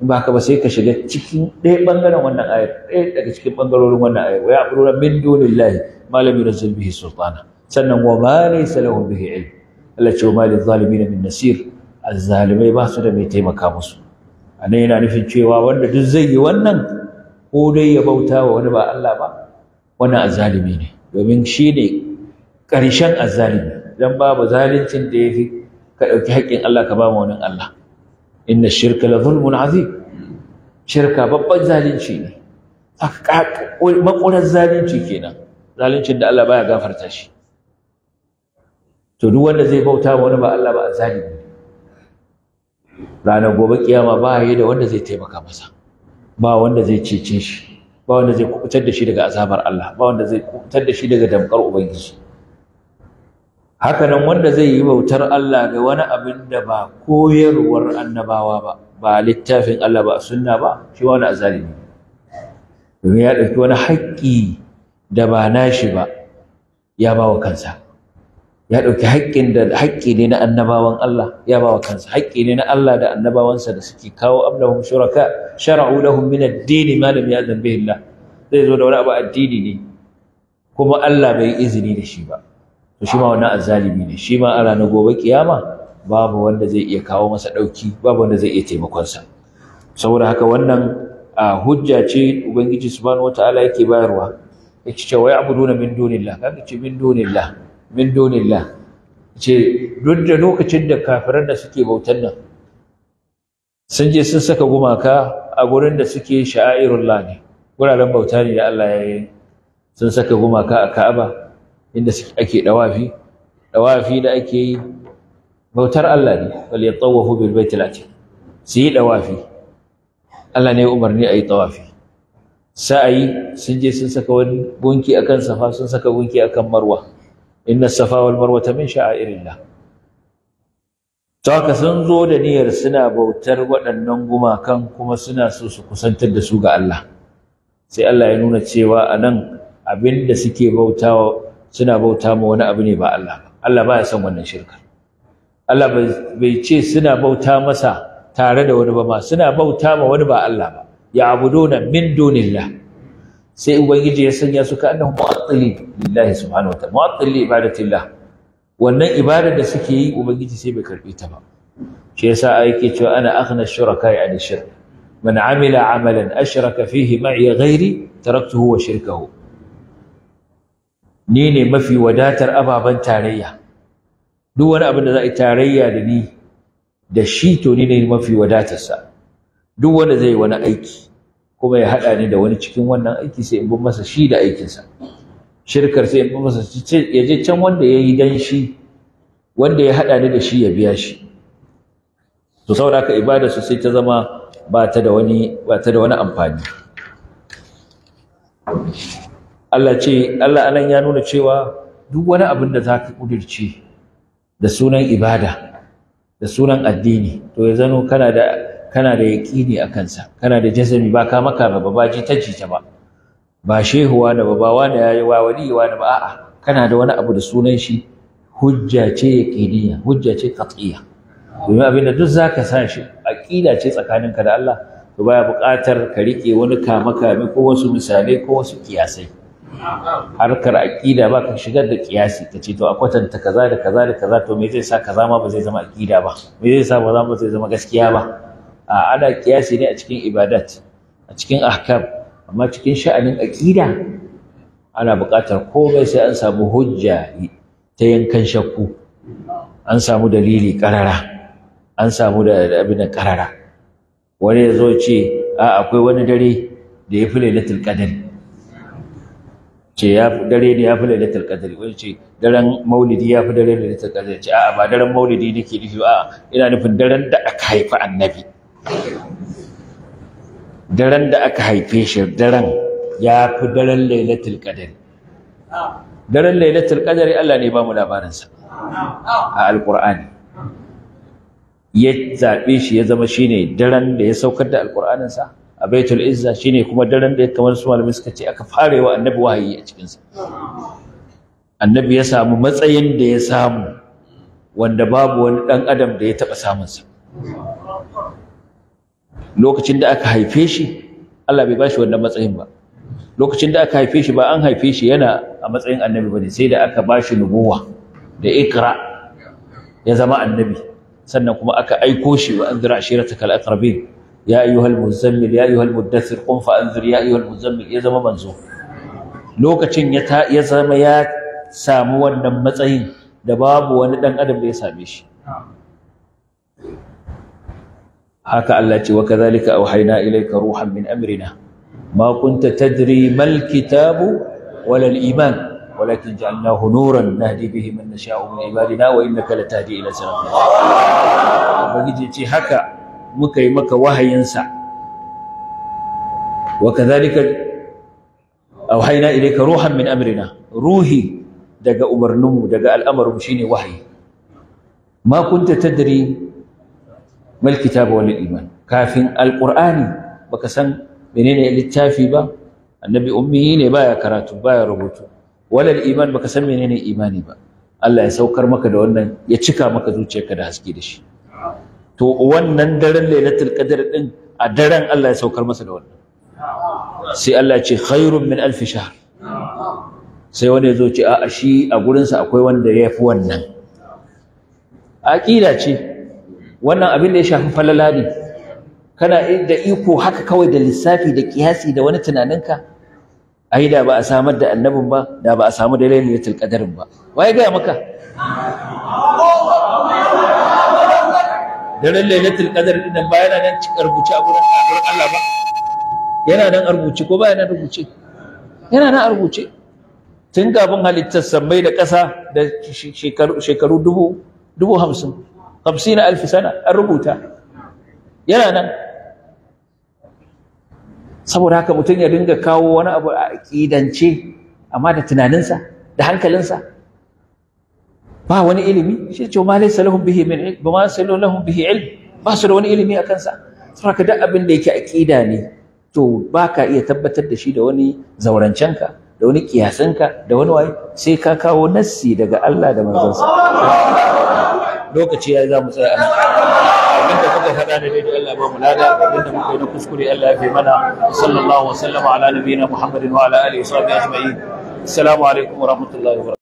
ba ka ba sai ka shiga cikin ɗaya ɓangaren wannan ayar ɗaya daga cikin ɓangarorin wannan ayar wa ya'buduna min dunillahi ma lam yunzil bihi sultana sannan wa ma laysa lahum bihi ilm Allah ce wa ma lil zalimin min nasir azzalimai ba su da mai taimaka musu anan yana nufin cewa wanda duk zai yi wannan ko dai ya bauta wa wani ba Allah ba wannan azzalimi ne domin shi ne ƙarshen azzalimi dan babu zalincin da ya fi ka ɗauki haƙƙin Allah ka ba ma wani Allah inna shirka la zulmun azim shirka babban zalunci ne makurar zalunci kenan zaluncin da Allah baya gafarta shi to duk wanda zai bauta wani ba Allah ba zalimi ranar gobe kiyama ba yi da wanda zai taimaka masa ba wanda zai cece shi ba wanda zai kubutar da shi daga azabar Allah ba wanda zai kubutar da shi daga damkar ubangiji hakanan wanda zai yi bautar Allah ga wani abin da ba koyarwar annabawa ba ba littafin Allah ba sunna ba shi wani azalimi domin ya ɗauki wani haƙƙi da ba nashi ba ya ba wa kansa ya ɗauki haƙƙin da haƙƙi ne na annabawan Allah ya ba wa kansa haƙƙi ne na Allah da annabawansa da suke kawo amlahum shuraka shara'u lahum min ad-din ma lam ya'zan bihi Allah zai zo da wani abu addini ne kuma Allah bai izini da shi ba to shi ma wannan azzalimi ne shi ma a ranar gobe kiyama babu wanda zai iya kawo masa ɗauki babu wanda zai iya taimakonsa saboda haka wannan hujja ce ubangiji subhanahu wataala yake bayarwa yake cewa abuduna min dunillah kaga ce min dunillah min dunillah ce duk da lokacin da kafiran da suke bautan nan sun je sun saka gumaka a gurin da suke sha'airullah ne wuraren bauta ne da Allah ya yi sun saka gumaka a Ka'aba inda ake dawafi dawafi da ake yi bautar Allah ne wal yatawafu bil baiti lati su yi dawafi Allah ne umarni a yi tawafi sa'ayi sun je sun saka wani gunki akan safa sun saka gunki akan marwa inna safa wal marwa ta min sha'airillah to haka sun zo da niyyar suna bautar waɗannan gumakan kuma suna so su kusantar da su ga Allah sai Allah ya nuna cewa anan abinda suke bautawa suna bauta ma wani abu ne ba Allah ba Allah ya san wannan shirkar Allah bai ce suna bauta masa tare da wani ba ma suna bauta ma wani ba Allah ba ya abuduna min dunillah sai ubangiji ya sanya su ka annahu mu'attili lillahi subhanahu wataala mu'attili ibadatillah wannan ibadar da suke yi ubangiji sai bai karbe ta ba shi yasa yake cewa ana akhna shuraka ya shirk man amila amalan ashraka fihi gairi ghairi taraktuhu wa shirkahu ni ne mafi wadatar ababen tarayya duk wani abin da za a yi tarayya da ni da shi to ni ne mafi wadatarsa duk wanda zai wani aiki kuma ya haɗa ni da wani cikin wannan aiki sai in bin masa shi da aikinsa shirkar sai in bin masa ya je can wanda ya yi dan shi wanda ya haɗa ni da shi ya biya shi to saboda haka ibada su sai ta zama ba ta da wani ba ta da wani amfani Allah ce Allah anan ya nuna cewa duk wani abin da zaka kudirce da sunan ibada da sunan addini to ya zano kana da kana da yaqini akan sa kana da jazami ba ka maka ba ba ji ta jita ba ba shehuwa da babawa da yayi wa wa da ba kana da wani abu da sunan shi hujja ce yaqiniya hujja ce qat'iyya domin abin da duk zaka sa shi aqida ce tsakaninka da Allah to baya buƙatar ka rike wani kama kame ko wasu misalai ko wasu kiyasai harkar aƙida ba ka shigar da ƙiyasi ka ce to a kwatanta kaza da kaza da kaza to me zai sa kaza ma ba zai zama aƙida ba me zai sa ba ba zai zama gaskiya ba a ana ƙiyasi ne a cikin ibadat a cikin ahkam amma cikin sha'anin aƙida ana buƙatar komai sai an samu hujja ta yankan shakku an samu dalili ƙarara an samu da abin ƙarara wani ya zo ce a akwai wani dare da ya fi lailatul qadr ce ya fi dare ne ya fi lailatul qadri wani ce daren maulidi ya fi dare lailatul ce a'a ba daren maulidi nake nufi a'a ina nufin daren da aka haifi annabi daren da aka haife shi daren ya fi daren lailatul qadri daren lailatul qadri Allah ne ba mu labarin a Alƙur'ani. ya zabe shi ya zama shine daren da ya saukar da Alƙur'aninsa. sa a baitul izza shine kuma daren da kamar su malamai suka ce aka wa annabi wahayi a cikin sa annabi ya samu matsayin da ya samu wanda babu wani dan adam da ya taba samun sa lokacin da aka haife shi Allah bai bashi wannan matsayin ba lokacin da aka haife shi ba an haife shi yana a matsayin annabi bane sai da aka bashi nubuwa da ikra ya zama annabi sannan kuma aka aiko shi wa anzira ashirataka al-aqrabin ya ayyuhal muzammil ya ayyuhal muddathir qum fa anzir ya ayyuhal muzammil ya zama manzo lokacin ya zama ya sami wannan matsayin da babu wani ɗan adam da ya same shi haka Allah ce wa kadhalika auhayna ilayka ruhan min amrina ma kunta tadri mal kitabu wala al iman walakin ja'alnahu nuran nahdi bihi man nasha'u min ibadina wa innaka latahdi ila siratin mustaqim ce haka muka yi maka wahayinsa wa kadhalika auhayna ilayka ruhan min amrina ruhi daga umarninmu daga al'amarinmu shine wahayi ma kunta tadri mal kitaba wal iman kafin alqur'ani baka san menene littafi ba annabi ummi ne baya karatu baya rubutu wala iman baka san menene imani ba Allah ya saukar maka da wannan ya cika maka zuciyarka da haske da shi to wannan daren lailatul qadr din a daren Allah ya saukar masa da wannan sai Allah ya ce khairun min alf shahr sai wanda yazo ce a shi a gurin sa akwai wanda ya fi wannan aqida ce wannan abin da ya shafi falala kana da iko haka kawai da lissafi da kiyasi da wani tunaninka ai da ba a samar da annabin ba da ba a samu da lailatul qadr ba waye ga maka daren lailatul qadar din nan ba yana nan cikar rubuce a gurin Allah ba yana nan rubuce ko ba yana rubuce yana nan rubuce tun bin halittar sammai da ƙasa da shekaru dubu dubu hamsin hamsin alfi sana an rubuta yana nan saboda haka mutum ya dinga kawo wani abu a ƙidance amma da tunaninsa da hankalinsa ba wani ilimi shi ce ma laysa lahum bihi min ilm ba ma sallu lahum bihi ilm ba su da wani ilimi a kansa saboda duk abin da yake aqida ne to baka iya tabbatar da shi da wani zaurancanka, da wani kiyasanka da wani waye sai ka kawo nassi daga Allah da manzansa lokaci ya za mu tsaya abinda kuka faɗa da daidai Allah ba mu lada abinda muka yi na kuskure Allah
ya fi mana sallallahu wa ala wa rahmatullahi wa